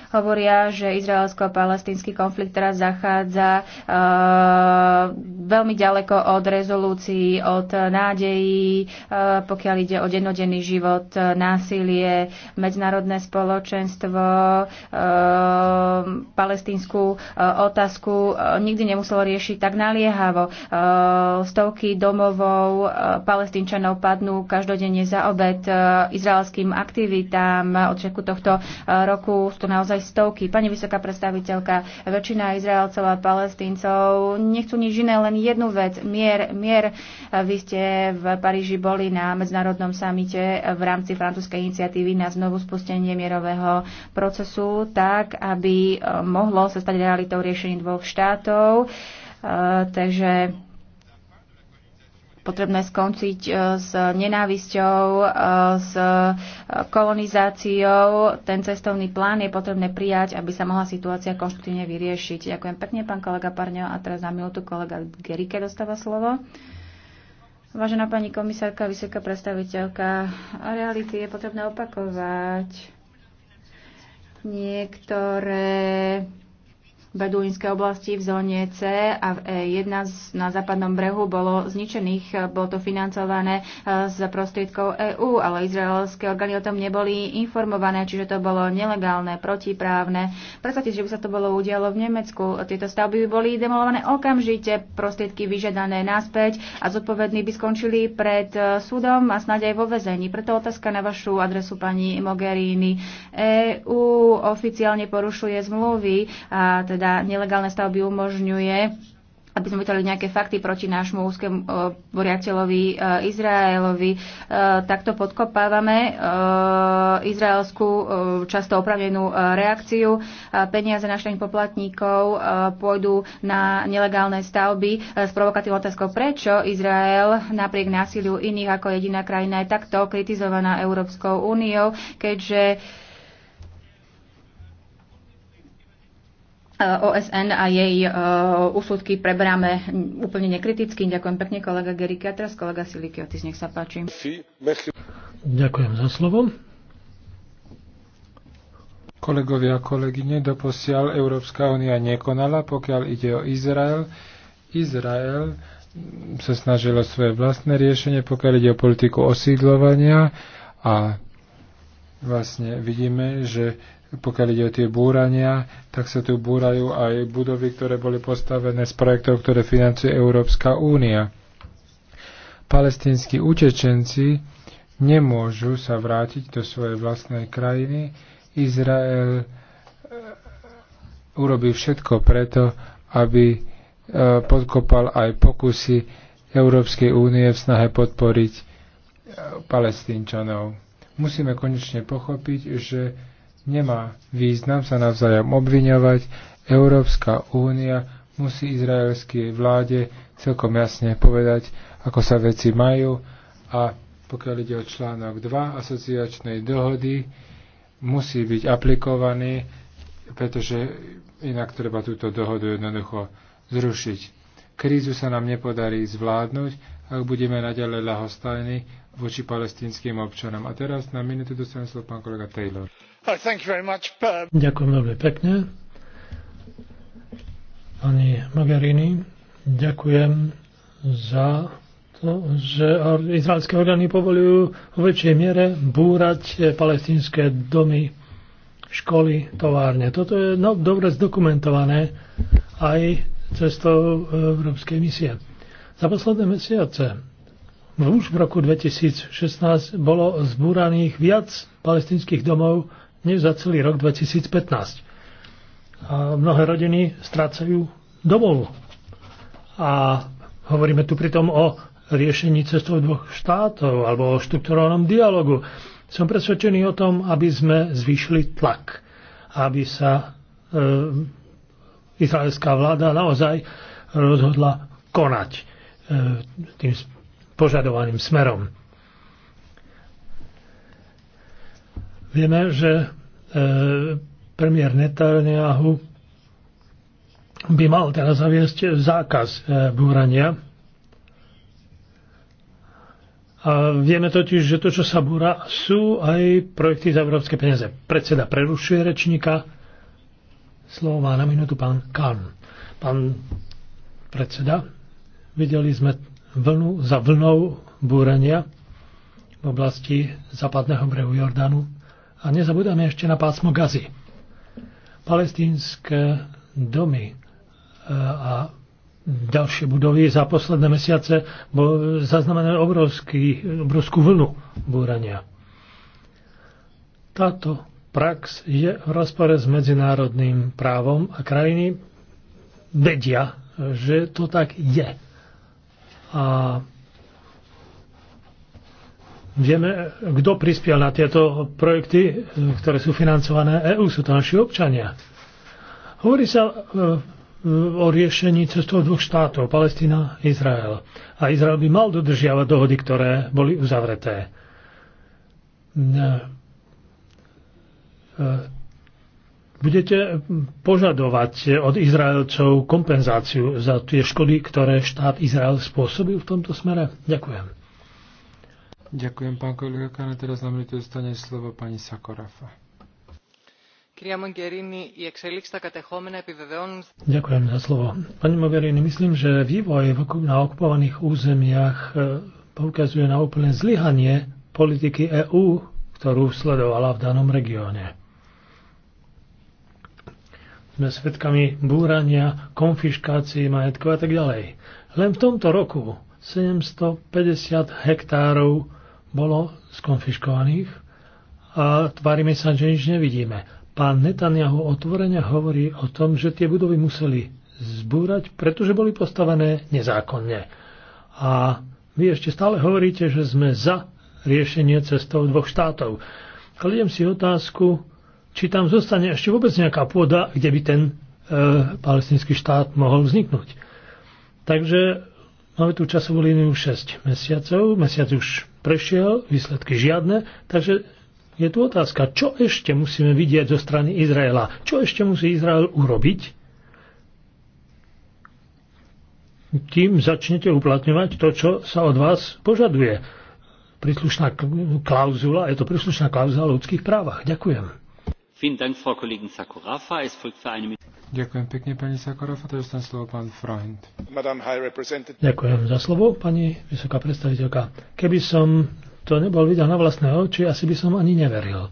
hovoria, že izraelsko-palestínsky konflikt teraz zachádza uh, veľmi ďaleko od rezolúcií, od nádejí, eh, pokiaľ ide o dennodenný život, násilie, medzinárodné spoločenstvo, eh, palestínsku eh, otázku nikdy nemuselo riešiť tak naliehavo. Stovky domovov palestínčanov padnú každodenne za obed izraelským aktivitám. Od všetku tohto roku sú to naozaj stovky. Pani vysoká predstaviteľka, väčšina Izraelcov a palestíncov nechcú nič iné, len jednu vec. Mier, mier. Vy ste v Paríži boli na medzinárodnom samite v rámci francúzskej iniciatívy na znovu spustenie mierového procesu tak, aby e, mohlo sa stať realitou riešení dvoch štátov. E, takže potrebné skončiť e, s nenávisťou, e, s e, kolonizáciou. Ten cestovný plán je potrebné prijať, aby sa mohla situácia konštruktívne vyriešiť. Ďakujem pekne, pán kolega Parňo. A teraz na minútu kolega Gerike dostáva slovo. Vážená pani komisárka, vysoká predstaviteľka, reality je potrebné opakovať. Niektoré beduínskej oblasti v zóne C a v E1 na západnom brehu bolo zničených. Bolo to financované e, z prostriedkov EÚ, ale izraelské orgány o tom neboli informované, čiže to bolo nelegálne, protiprávne. Predstavte, že by sa to bolo udialo v Nemecku. Tieto stavby by boli demolované okamžite, prostriedky vyžiadané naspäť a zodpovední by skončili pred e, súdom a snáď aj vo väzení. Preto otázka na vašu adresu pani Mogherini. EÚ oficiálne porušuje zmluvy a teda teda nelegálne stavby umožňuje aby sme vytvorili nejaké fakty proti nášmu úzkému e, boriateľovi e, Izraelovi. E, takto podkopávame izraelskú často opravnenú reakciu. Peniaze našich poplatníkov pôjdu na nelegálne stavby s provokatívnou otázkou, prečo Izrael napriek násiliu iných ako jediná krajina je takto kritizovaná Európskou úniou, keďže Eh, OSN a jej eh, úsudky preberáme úplne nekriticky. Ďakujem pekne kolega Gerike a teraz kolega Silikiotis, nech sa páči. Ďakujem za slovo. Kolegovia a kolegyne, doposiaľ Európska únia nekonala, pokiaľ ide o Izrael. Izrael mm, sa snažilo svoje vlastné riešenie, pokiaľ ide o politiku osídlovania a vlastne vidíme, že pokiaľ ide o tie búrania, tak sa tu búrajú aj budovy, ktoré boli postavené z projektov, ktoré financuje Európska únia. Palestínsky utečenci nemôžu sa vrátiť do svojej vlastnej krajiny. Izrael e, urobí všetko preto, aby e, podkopal aj pokusy Európskej únie v snahe podporiť e, palestínčanov. Musíme konečne pochopiť, že Nemá význam sa navzájom obviňovať. Európska únia musí izraelskej vláde celkom jasne povedať, ako sa veci majú a pokiaľ ide o článok 2 asociačnej dohody, musí byť aplikovaný, pretože inak treba túto dohodu jednoducho zrušiť. Krízu sa nám nepodarí zvládnuť, ak budeme naďalej ľahostajní voči palestinským občanom. A teraz na minútu dostanem slovo pán kolega Taylor. Ďakujem veľmi pekne. Pani Mogherini, ďakujem za to, že izraelské orgány povolujú v väčšej miere búrať palestinské domy, školy, továrne. Toto je no, dobre zdokumentované aj cestou Európskej misie. Za posledné mesiace už v roku 2016 bolo zbúraných viac palestinských domov než za celý rok 2015. A mnohé rodiny strácajú domov. A hovoríme tu pritom o riešení cestou dvoch štátov alebo o štruktúrálnom dialogu. Som presvedčený o tom, aby sme zvýšili tlak, aby sa e, izraelská vláda naozaj rozhodla konať e, tým požadovaným smerom. Vieme, že e, premiér Netanyahu by mal teraz zaviesť zákaz e, búrania. A vieme totiž, že to, čo sa búra, sú aj projekty za európske peniaze. Predseda prerušuje rečníka. Slovo má na minútu pán Kahn. Pán predseda, videli sme vlnu za vlnou búrania v oblasti západného brehu Jordánu a nezabudáme ešte na pásmo Gazy. Palestínske domy e, a ďalšie budovy za posledné mesiace bol obrovský, obrovskú vlnu búrania. Táto prax je v rozpore s medzinárodným právom a krajiny vedia, že to tak je. A Vieme, kto prispiel na tieto projekty, ktoré sú financované EU, sú to naši občania. Hovorí sa e, e, o riešení cestou dvoch štátov, Palestina a Izrael. A Izrael by mal dodržiavať dohody, ktoré boli uzavreté. E, budete požadovať od Izraelcov kompenzáciu za tie škody, ktoré štát Izrael spôsobil v tomto smere? Ďakujem. Ďakujem, pán kolega Kana. Teraz na minútu dostane slovo pani Sakorafa. Ďakujem za slovo. Pani Mogherini, myslím, že vývoj na okupovaných územiach e, poukazuje na úplné zlyhanie politiky EÚ, ktorú sledovala v danom regióne. Sme svedkami búrania, konfiškácií majetku a tak ďalej. Len v tomto roku 750 hektárov bolo skonfiškovaných a tvárime sa, že nič nevidíme. Pán Netanyahu otvorene hovorí o tom, že tie budovy museli zbúrať, pretože boli postavené nezákonne. A vy ešte stále hovoríte, že sme za riešenie cestou dvoch štátov. Kladiem si otázku, či tam zostane ešte vôbec nejaká pôda, kde by ten e, palestinský štát mohol vzniknúť. Takže máme tu časovú líniu 6 mesiacov, mesiac už prešiel, výsledky žiadne, takže je tu otázka, čo ešte musíme vidieť zo strany Izraela? Čo ešte musí Izrael urobiť? Tým začnete uplatňovať to, čo sa od vás požaduje. Príslušná klauzula, je to príslušná klauzula o ľudských právach. Ďakujem. Ďakujem pekne, pani Sakorafa. Teraz dostane slovo pán Freund. Ďakujem za slovo, pani vysoká predstaviteľka. Keby som to nebol videl na vlastné oči, asi by som ani neveril.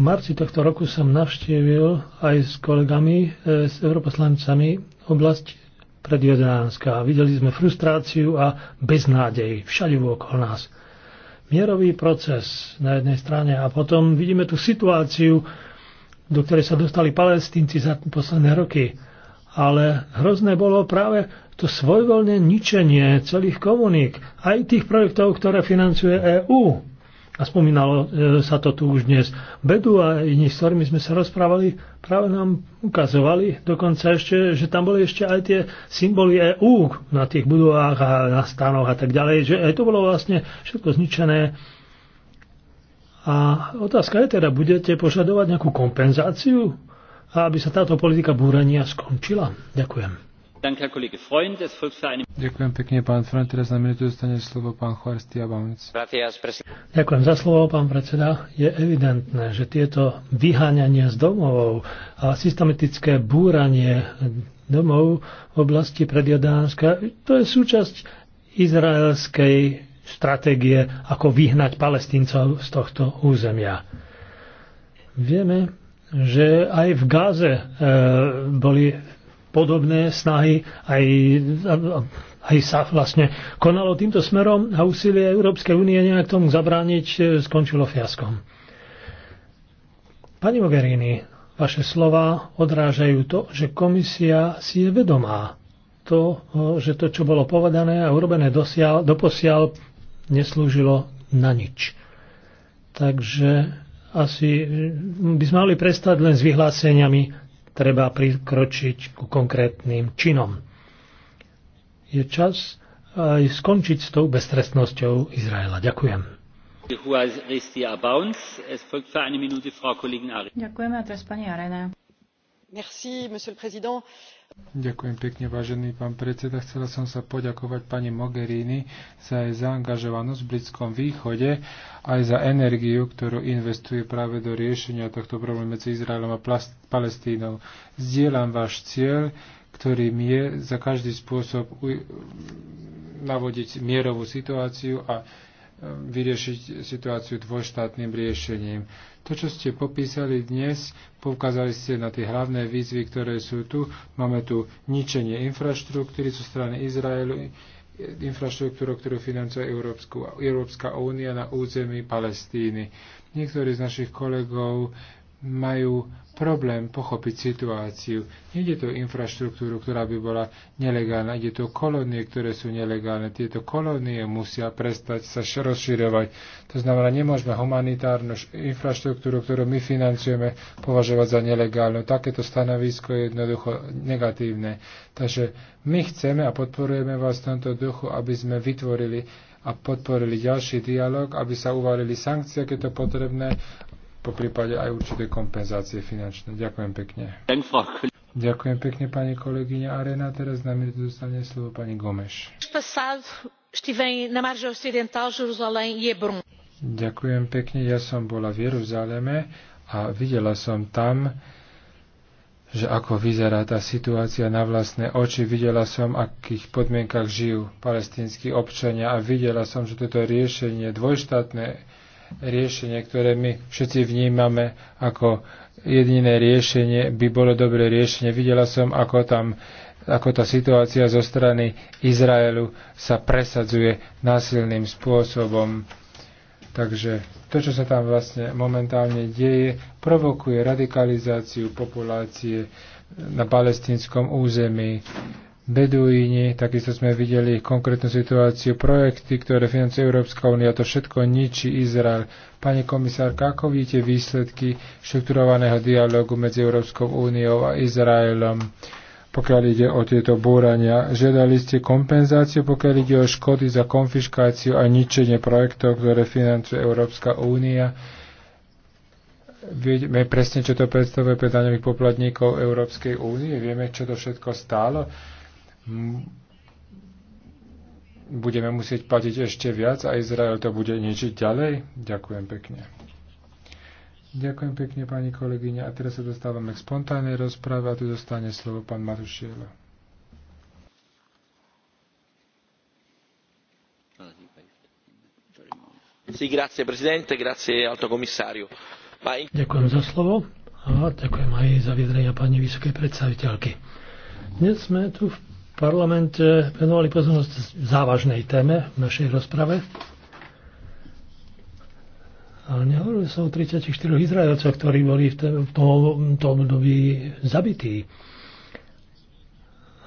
V marci tohto roku som navštívil aj s kolegami, e, s europoslancami oblasť predvedránska. Videli sme frustráciu a beznádej všade okolo nás. Mierový proces na jednej strane a potom vidíme tú situáciu, do ktorej sa dostali palestínci za posledné roky. Ale hrozné bolo práve to svojvoľné ničenie celých komunik aj tých projektov, ktoré financuje EÚ. A spomínalo e, sa to tu už dnes. Bedu a iní, s ktorými sme sa rozprávali, práve nám ukazovali dokonca ešte, že tam boli ešte aj tie symboly EÚ na tých budovách a na stanoch a tak ďalej, že aj to bolo vlastne všetko zničené a otázka je teda, budete požadovať nejakú kompenzáciu, aby sa táto politika búrania skončila? Ďakujem. Ďakujem pekne, pán Freund. Teraz na minútu dostane slovo pán Juárez Tiabamec. Ďakujem za slovo, pán predseda. Je evidentné, že tieto vyháňanie z domov a systematické búranie domov v oblasti predjordánska, to je súčasť izraelskej stratégie, ako vyhnať palestíncov z tohto územia. Vieme, že aj v Gáze e, boli podobné snahy, aj, aj sa vlastne konalo týmto smerom a úsilie Európskej únie nejak tomu zabrániť e, skončilo fiaskom. Pani Mogherini, vaše slova odrážajú to, že komisia si je vedomá to, že to, čo bolo povedané a urobené dosiaľ, doposiaľ neslúžilo na nič. Takže asi mm, by sme mali prestať len s vyhláseniami, treba prikročiť ku konkrétnym činom. Je čas aj skončiť s tou beztrestnosťou Izraela. Ďakujem. Ďakujeme a teraz pani Arena. Merci, monsieur le président. Ďakujem pekne, vážený pán predseda. Chcela som sa poďakovať pani Mogherini za jej zaangažovanosť v Blízkom východe, aj za energiu, ktorú investuje práve do riešenia tohto problému medzi Izraelom a Palestínou. Zdieľam váš cieľ, ktorým je za každý spôsob navodiť mierovú situáciu a vyriešiť situáciu dvojštátnym riešením. To, čo ste popísali dnes, poukázali ste na tie hlavné výzvy, ktoré sú tu. Máme tu ničenie infraštruktúry zo strany Izraelu, infraštruktúru, ktorú financuje Európsku, Európska únia na území Palestíny. Niektorí z našich kolegov majú problém pochopiť situáciu. Nejde to infraštruktúru, ktorá by bola nelegálna, ide to kolónie, ktoré sú nelegálne. Tieto kolónie musia prestať sa rozširovať. To znamená, nemôžeme humanitárnu infraštruktúru, ktorú my financujeme, považovať za nelegálnu. Takéto stanovisko je jednoducho negatívne. Takže my chceme a podporujeme vás v tomto duchu, aby sme vytvorili a podporili ďalší dialog, aby sa uvalili sankcie, keď to potrebné, po prípade aj určité kompenzácie finančné. Ďakujem pekne. Ďakujem pekne, pani kolegyňa Arena. Teraz na minútu dostane slovo pani Gomeš. Ďakujem pekne. Ja som bola v Jeruzaleme a videla som tam, že ako vyzerá tá situácia na vlastné oči. Videla som, akých podmienkach žijú palestínsky občania a videla som, že toto riešenie dvojštátne riešenie, ktoré my všetci vnímame ako jediné riešenie, by bolo dobré riešenie. Videla som, ako tam ako tá situácia zo strany Izraelu sa presadzuje násilným spôsobom. Takže to, čo sa tam vlastne momentálne deje, provokuje radikalizáciu populácie na palestínskom území. Beduíni, takisto sme videli konkrétnu situáciu, projekty, ktoré financuje Európska únia, to všetko ničí Izrael. Pani komisárka, ako vidíte výsledky štrukturovaného dialogu medzi Európskou úniou a Izraelom, pokiaľ ide o tieto búrania? Žiadali ste kompenzáciu, pokiaľ ide o škody za konfiškáciu a ničenie projektov, ktoré financuje Európska únia? Vieme presne, čo to predstavuje pre daňových poplatníkov Európskej únie? Vieme, čo to všetko stálo? budeme musieť platiť ešte viac a Izrael to bude ničiť ďalej? Ďakujem pekne. Ďakujem pekne, pani kolegyňa. A teraz sa dostávame k spontánnej rozprave a tu dostane slovo pán Matušiela. Ďakujem za slovo a ďakujem aj za vyjadrenia pani vysokej predstaviteľky. Dnes sme tu v parlamente venovali pozornosť závažnej téme v našej rozprave. Ale nehovorili sa o 34 Izraelcoch, ktorí boli v, tom, tom období zabití.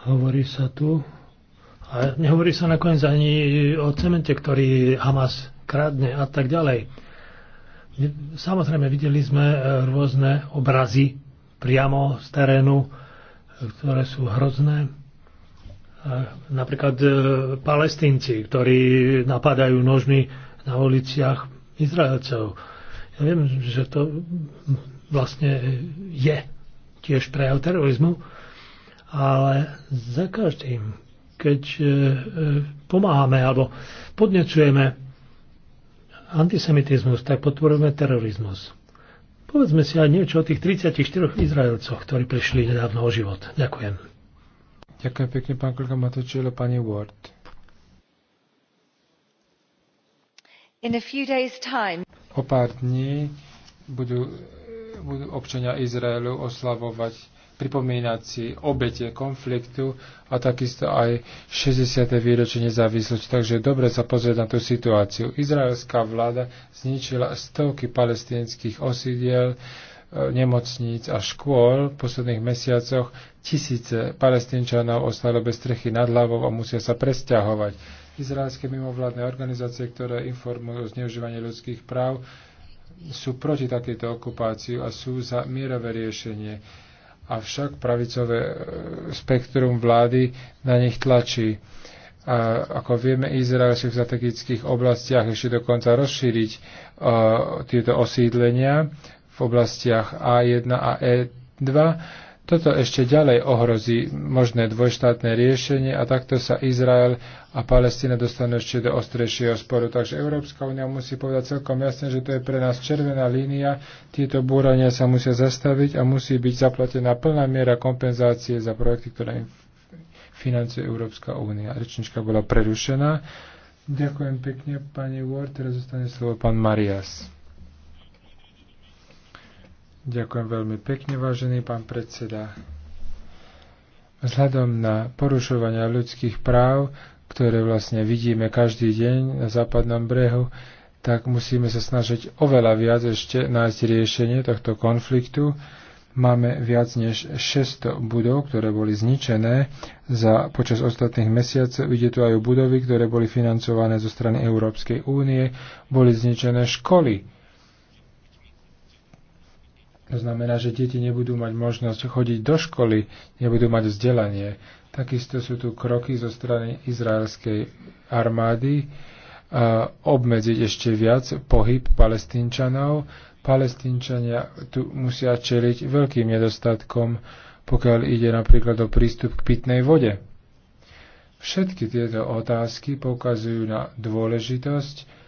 Hovorí sa tu a nehovorí sa nakoniec ani o cemente, ktorý Hamas kradne a tak ďalej. Samozrejme, videli sme e, rôzne obrazy priamo z terénu, e, ktoré sú hrozné napríklad e, palestínci, ktorí napadajú nožmi na uliciach Izraelcov. Ja viem, že to vlastne je tiež prejav terorizmu, ale za každým, keď e, e, pomáhame alebo podnecujeme antisemitizmus, tak podporujeme terorizmus. Povedzme si aj niečo o tých 34 Izraelcoch, ktorí prišli nedávno o život. Ďakujem. Ďakujem pekne, pán kolega Matočilo, pani Ward. In a few days time. O pár dní budú, budú občania Izraelu oslavovať pripomínať si obete konfliktu a takisto aj 60. výročie nezávislosti. Takže dobre sa pozrieť na tú situáciu. Izraelská vláda zničila stovky palestinských osídiel, nemocníc a škôl v posledných mesiacoch tisíce palestínčanov ostalo bez strechy nad hlavou a musia sa presťahovať. Izraelské mimovládne organizácie, ktoré informujú o zneužívaní ľudských práv, sú proti takéto okupáciu a sú za mierové riešenie. Avšak pravicové e, spektrum vlády na nich tlačí. A ako vieme, Izrael si v strategických oblastiach ešte dokonca rozšíriť uh, tieto osídlenia v oblastiach A1 a E2. E Toto ešte ďalej ohrozí možné dvojštátne riešenie a takto sa Izrael a Palestína dostanú ešte do ostrejšieho sporu. Takže Európska únia musí povedať celkom jasne, že to je pre nás červená línia. Tieto búrania sa musia zastaviť a musí byť zaplatená plná miera kompenzácie za projekty, ktoré financuje Európska únia. Rečnička bola prerušená. Ďakujem pekne, pani Ward. Teraz zostane slovo pán Marias. Ďakujem veľmi pekne, vážený pán predseda. Vzhľadom na porušovania ľudských práv, ktoré vlastne vidíme každý deň na západnom brehu, tak musíme sa snažiť oveľa viac ešte nájsť riešenie tohto konfliktu. Máme viac než 600 budov, ktoré boli zničené za počas ostatných mesiacov. Ide tu aj o budovy, ktoré boli financované zo strany Európskej únie. Boli zničené školy, to znamená, že deti nebudú mať možnosť chodiť do školy, nebudú mať vzdelanie. Takisto sú tu kroky zo strany izraelskej armády a obmedziť ešte viac pohyb palestínčanov. Palestínčania tu musia čeliť veľkým nedostatkom, pokiaľ ide napríklad o prístup k pitnej vode. Všetky tieto otázky poukazujú na dôležitosť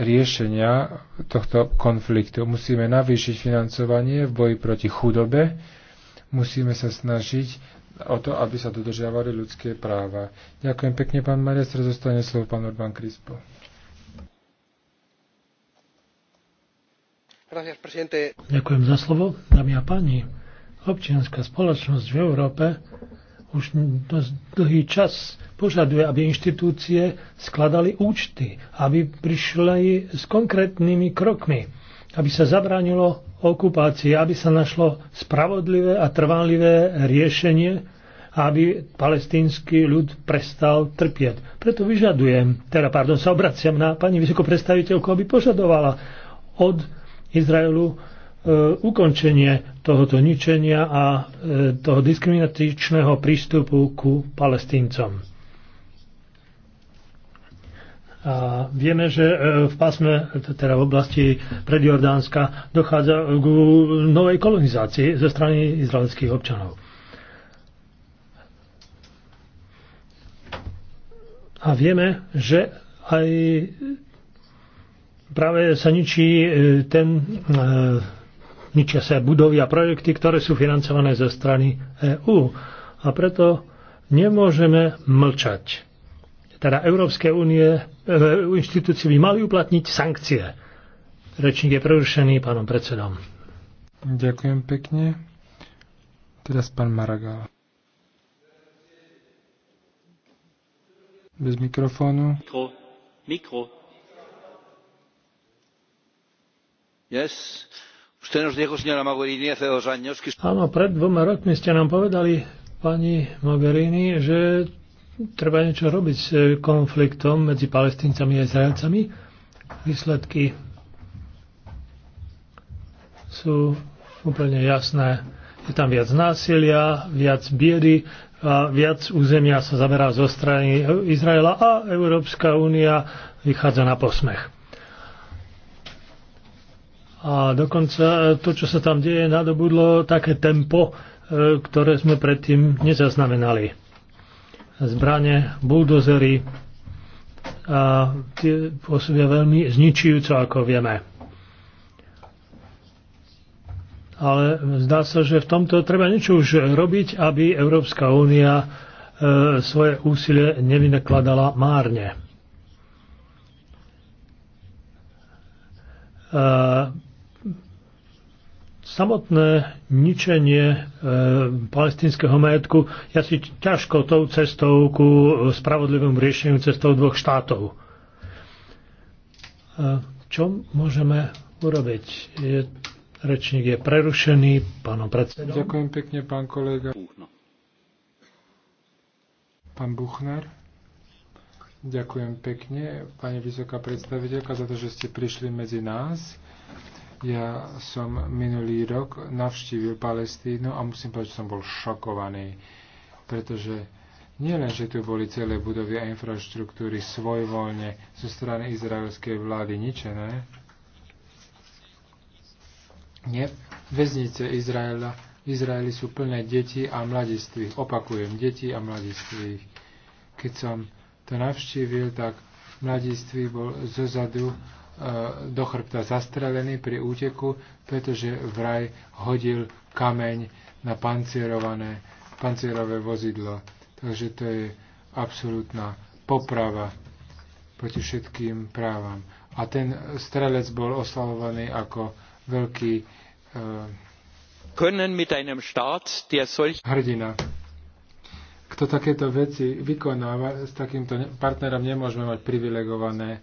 riešenia tohto konfliktu. Musíme navýšiť financovanie v boji proti chudobe, musíme sa snažiť o to, aby sa dodržiavali ľudské práva. Ďakujem pekne, pán Marec, zostane slovo pán Urban Crispo. Ďakujem za slovo, dámy a páni. Občianská spoločnosť v Európe už dosť dlhý čas požaduje, aby inštitúcie skladali účty, aby prišli s konkrétnymi krokmi, aby sa zabránilo okupácii, aby sa našlo spravodlivé a trvalivé riešenie, aby palestínsky ľud prestal trpieť. Preto vyžadujem, teda pardon, sa obraciam na pani vysokopredstaviteľku, aby požadovala od Izraelu E, ukončenie tohoto ničenia a e, toho diskriminačného prístupu ku palestíncom. A vieme, že e, v pásme, teda v oblasti predjordánska, dochádza k novej kolonizácii ze strany izraelských občanov. A vieme, že aj práve sa ničí ten ničia sa budovy a projekty, ktoré sú financované ze strany EÚ. A preto nemôžeme mlčať. Teda Európske únie, EU inštitúcie by mali uplatniť sankcie. Rečník je prerušený pánom predsedom. Ďakujem pekne. Teraz pán Maragal. Bez mikrofónu. Mikro. Mikro. Yes. Áno, pred dvoma rokmi ste nám povedali, pani Mogherini, že treba niečo robiť s konfliktom medzi palestíncami a Izraelcami. Výsledky sú úplne jasné. Je tam viac násilia, viac biedy a viac územia sa zaberá zo strany Izraela a Európska únia vychádza na posmech. A dokonca e, to, čo sa tam deje, nadobudlo také tempo, e, ktoré sme predtým nezaznamenali. Zbranie, buldozery a tie pôsobia veľmi zničujúco, ako vieme. Ale zdá sa, že v tomto treba niečo už robiť, aby Európska únia e, svoje úsilie nevynakladala márne. Samotné ničenie e, palestinského majetku je asi ťažko tou cestou ku spravodlivému riešeniu cestou dvoch štátov. E, čo môžeme urobiť? Je, rečník je prerušený pánom predsedom. Ďakujem pekne, pán kolega. Pán Buchner. Ďakujem pekne, pani vysoká predstaviteľka, za to, že ste prišli medzi nás. Ja som minulý rok navštívil Palestínu a musím povedať, že som bol šokovaný, pretože len, že tu boli celé budovy a infraštruktúry svojvoľne zo strany izraelskej vlády ničené, nie, väznice Izraela, Izraeli sú plné detí a mladistvých. Opakujem, detí a mladistvých. Keď som to navštívil, tak mladiství bol zozadu E, do chrbta zastrelený pri úteku, pretože vraj hodil kameň na pancierované, pancierové vozidlo. Takže to je absolútna poprava proti všetkým právam. A ten strelec bol oslavovaný ako veľký e, hrdina kto takéto veci vykonáva, s takýmto partnerom nemôžeme mať privilegované uh,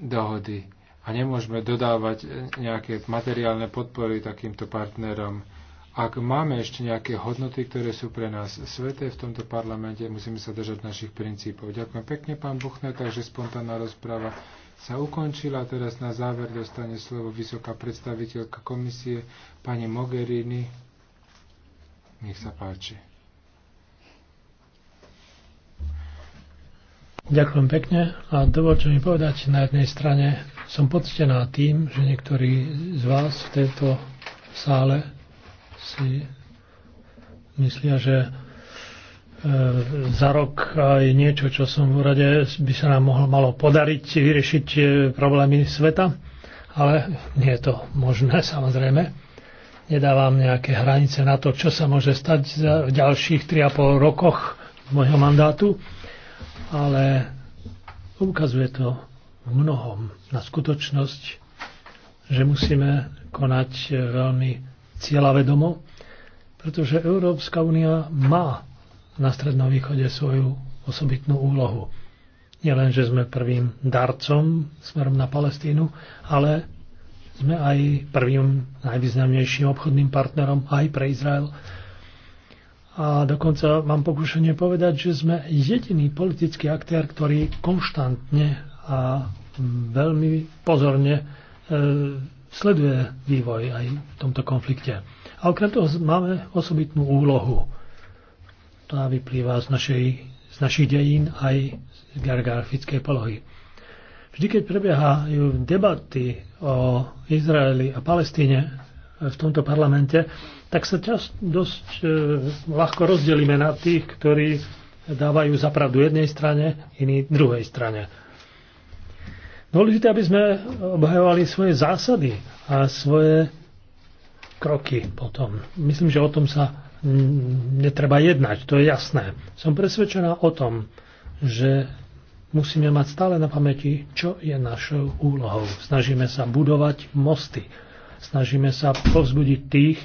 dohody a nemôžeme dodávať nejaké materiálne podpory takýmto partnerom. Ak máme ešte nejaké hodnoty, ktoré sú pre nás sveté v tomto parlamente, musíme sa držať našich princípov. Ďakujem pekne, pán Buchner, takže spontánna rozpráva sa ukončila. Teraz na záver dostane slovo vysoká predstaviteľka komisie, pani Mogherini. Nech sa páči. Ďakujem pekne a dovolte mi povedať, na jednej strane som poctená tým, že niektorí z vás v tejto sále si myslia, že e, za rok aj niečo, čo som v úrade, by sa nám mohlo malo podariť vyriešiť e, problémy sveta, ale nie je to možné samozrejme. Nedávam nejaké hranice na to, čo sa môže stať v ďalších 3,5 rokoch môjho mandátu, ale ukazuje to v mnohom na skutočnosť, že musíme konať veľmi cieľavedomo, pretože Európska únia má na Strednom východe svoju osobitnú úlohu. Nie len, že sme prvým darcom smerom na Palestínu, ale sme aj prvým najvýznamnejším obchodným partnerom aj pre Izrael a dokonca mám pokušenie povedať, že sme jediný politický aktér, ktorý konštantne a veľmi pozorne e, sleduje vývoj aj v tomto konflikte. A okrem toho máme osobitnú úlohu. Tá vyplýva z, našej, z našich dejín aj z geografickej polohy. Vždy, keď prebiehajú debaty o Izraeli a Palestíne v tomto parlamente, tak sa čas, dosť e, ľahko rozdelíme na tých, ktorí dávajú zapravdu jednej strane, iný druhej strane. Dôležité, aby sme obhajovali svoje zásady a svoje kroky potom. Myslím, že o tom sa mm, netreba jednať, to je jasné. Som presvedčená o tom, že musíme mať stále na pamäti, čo je našou úlohou. Snažíme sa budovať mosty, snažíme sa povzbudiť tých,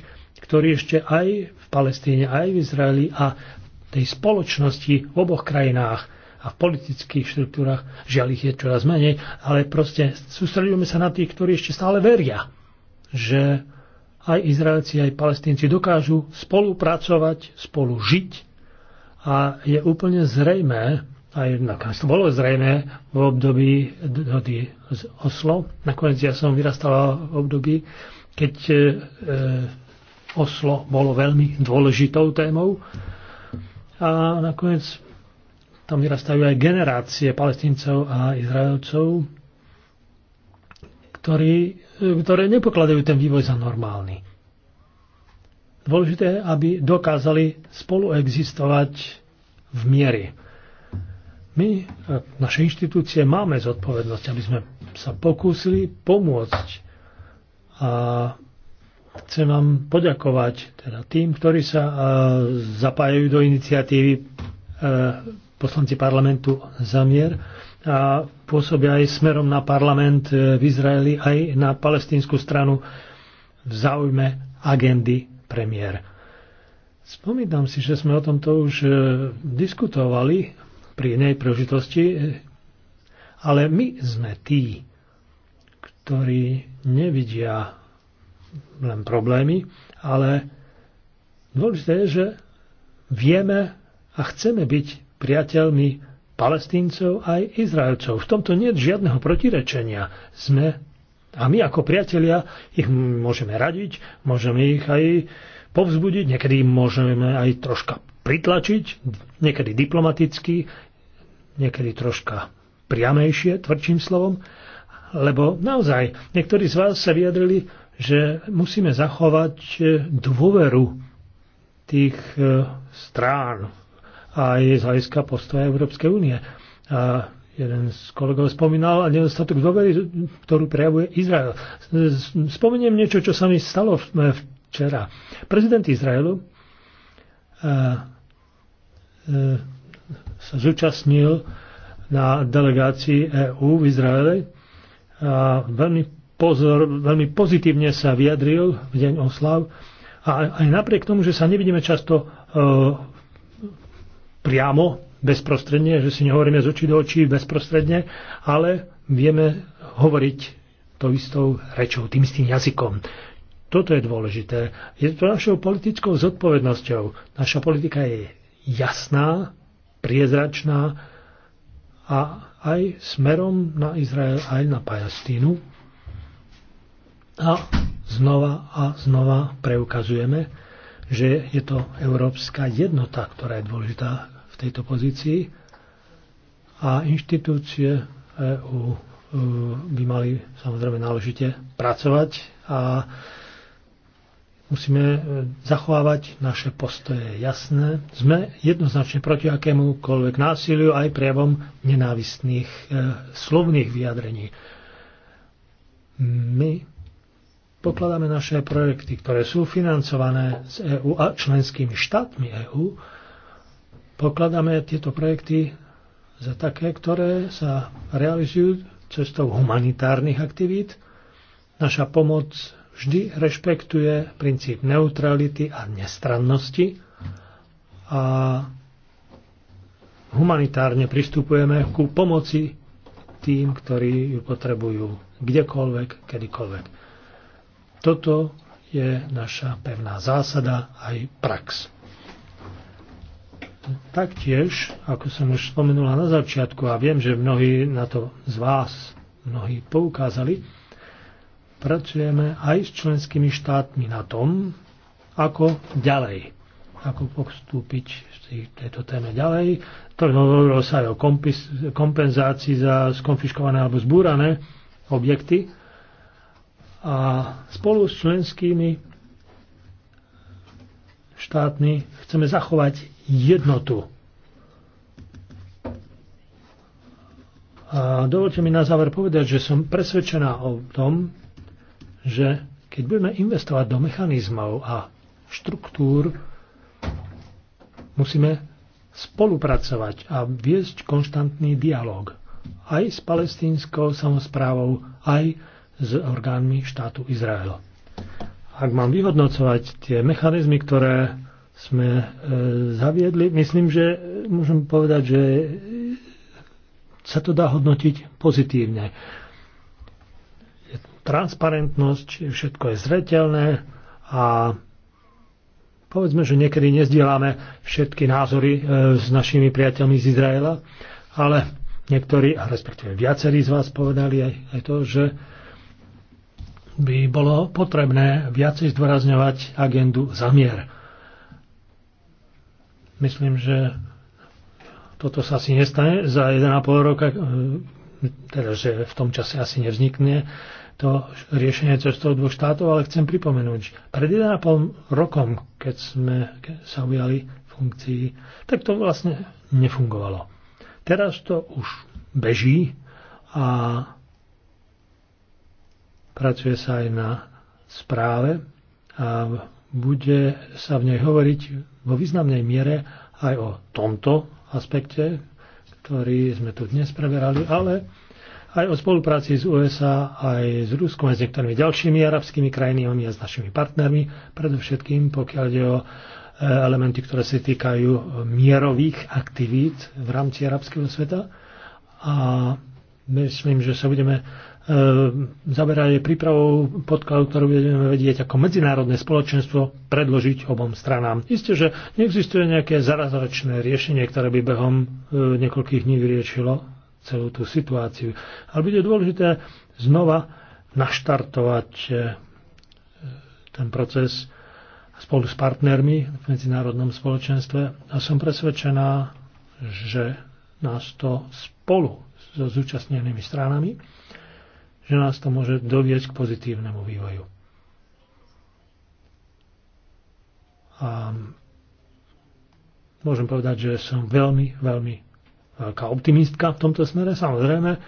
ktorý ešte aj v Palestíne, aj v Izraeli a v tej spoločnosti v oboch krajinách a v politických štruktúrach, žiaľ ich je čoraz menej, ale proste sústredujeme sa na tých, ktorí ešte stále veria, že aj Izraelci, aj Palestínci dokážu spolupracovať, spolu žiť a je úplne zrejmé, aj nakoniec to bolo zrejme v období dohody z Oslo, nakoniec ja som vyrastal v období, keď e, Oslo bolo veľmi dôležitou témou. A nakoniec tam vyrastajú aj generácie palestíncov a Izraelcov, ktorí, ktoré nepokladajú ten vývoj za normálny. Dôležité je, aby dokázali spolu existovať v miery. My, naše inštitúcie, máme zodpovednosť, aby sme sa pokúsili pomôcť a Chcem vám poďakovať teda tým, ktorí sa e, zapájajú do iniciatívy e, poslanci parlamentu za mier a pôsobia aj smerom na parlament e, v Izraeli aj na palestínsku stranu v záujme agendy premiér. Spomínam si, že sme o tomto už diskutovali pri inej príležitosti, ale my sme tí, ktorí nevidia len problémy, ale dôležité je, že vieme a chceme byť priateľmi palestíncov aj Izraelcov. V tomto nie je žiadneho protirečenia. Sme a my ako priatelia ich môžeme radiť, môžeme ich aj povzbudiť, niekedy môžeme aj troška pritlačiť, niekedy diplomaticky, niekedy troška priamejšie, tvrdším slovom, lebo naozaj niektorí z vás sa vyjadrili že musíme zachovať eh, dôveru tých eh, strán a je z hľadiska postoja Európskej únie. A jeden z kolegov spomínal nedostatok dôvery, ktorú prejavuje Izrael. Spomeniem niečo, čo sa mi stalo eh, včera. Prezident Izraelu sa zúčastnil na delegácii EÚ v Izraele a veľmi pozor, veľmi pozitívne sa vyjadril v deň oslav a aj napriek tomu, že sa nevidíme často e, priamo, bezprostredne, že si nehovoríme z očí do očí bezprostredne, ale vieme hovoriť to istou rečou, tým istým jazykom. Toto je dôležité. Je to našou politickou zodpovednosťou. Naša politika je jasná, priezračná a aj smerom na Izrael, aj na Palestínu a znova a znova preukazujeme, že je to európska jednota, ktorá je dôležitá v tejto pozícii a inštitúcie EU e, by mali samozrejme náležite pracovať a musíme e, zachovávať naše postoje jasné. Sme jednoznačne proti akémukoľvek násiliu aj prejavom nenávistných e, slovných vyjadrení. My pokladáme naše projekty, ktoré sú financované z EÚ a členskými štátmi EÚ, pokladáme tieto projekty za také, ktoré sa realizujú cestou humanitárnych aktivít. Naša pomoc vždy rešpektuje princíp neutrality a nestrannosti a humanitárne pristupujeme ku pomoci tým, ktorí ju potrebujú kdekoľvek, kedykoľvek. Toto je naša pevná zásada aj prax. Taktiež, ako som už spomenula na začiatku a viem, že mnohí na to z vás mnohí poukázali, pracujeme aj s členskými štátmi na tom, ako ďalej, ako postúpiť v tejto téme ďalej. To hovorilo sa aj o kompenzácii za skonfiškované alebo zbúrané objekty a spolu s členskými štátmi chceme zachovať jednotu. A dovolte mi na záver povedať, že som presvedčená o tom, že keď budeme investovať do mechanizmov a štruktúr, musíme spolupracovať a viesť konštantný dialog aj s palestínskou samozprávou, aj s orgánmi štátu Izrael. Ak mám vyhodnocovať tie mechanizmy, ktoré sme e, zaviedli, myslím, že môžem povedať, že sa to dá hodnotiť pozitívne. Je Transparentnosť, všetko je zretelné. a povedzme, že niekedy nezdielame všetky názory e, s našimi priateľmi z Izraela, ale niektorí, a respektíve viacerí z vás povedali aj, aj to, že by bolo potrebné viacej zdôrazňovať agendu za mier. Myslím, že toto sa asi nestane za 1,5 roka, e, teda že v tom čase asi nevznikne to riešenie toho dvoch štátov, ale chcem pripomenúť, pred 1,5 rokom, keď sme sa ujali funkcii, tak to vlastne nefungovalo. Teraz to už beží a pracuje sa aj na správe a bude sa v nej hovoriť vo významnej miere aj o tomto aspekte, ktorý sme tu dnes preberali, ale aj o spolupráci s USA, aj s Ruskom, aj s niektorými ďalšími arabskými krajinami a s našimi partnermi, predovšetkým pokiaľ ide o e, elementy, ktoré sa týkajú mierových aktivít v rámci arabského sveta. A myslím, že sa budeme E, zaberá prípravou podkladu, ktorú budeme vedieť ako medzinárodné spoločenstvo predložiť obom stranám. Isté, že neexistuje nejaké zarazovačné riešenie, ktoré by behom e, niekoľkých dní vyriešilo celú tú situáciu. Ale bude dôležité znova naštartovať e, ten proces spolu s partnermi v medzinárodnom spoločenstve a som presvedčená, že nás to spolu so zúčastnenými stranami že nás to môže dovieť k pozitívnemu vývoju. A môžem povedať, že som veľmi, veľmi veľká optimistka v tomto smere. Samozrejme,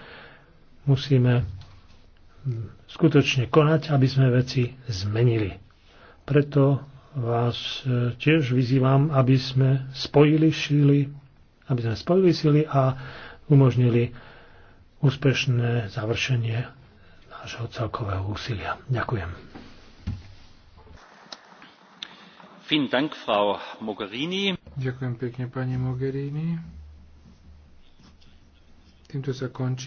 musíme hm, skutočne konať, aby sme veci zmenili. Preto vás e, tiež vyzývam, aby sme spojili síly, aby sme spojili sily a umožnili úspešné završenie nášho celkového úsilia. Ďakujem. Dank, Frau Ďakujem pekne pani Mogherini. Týmto sa končí.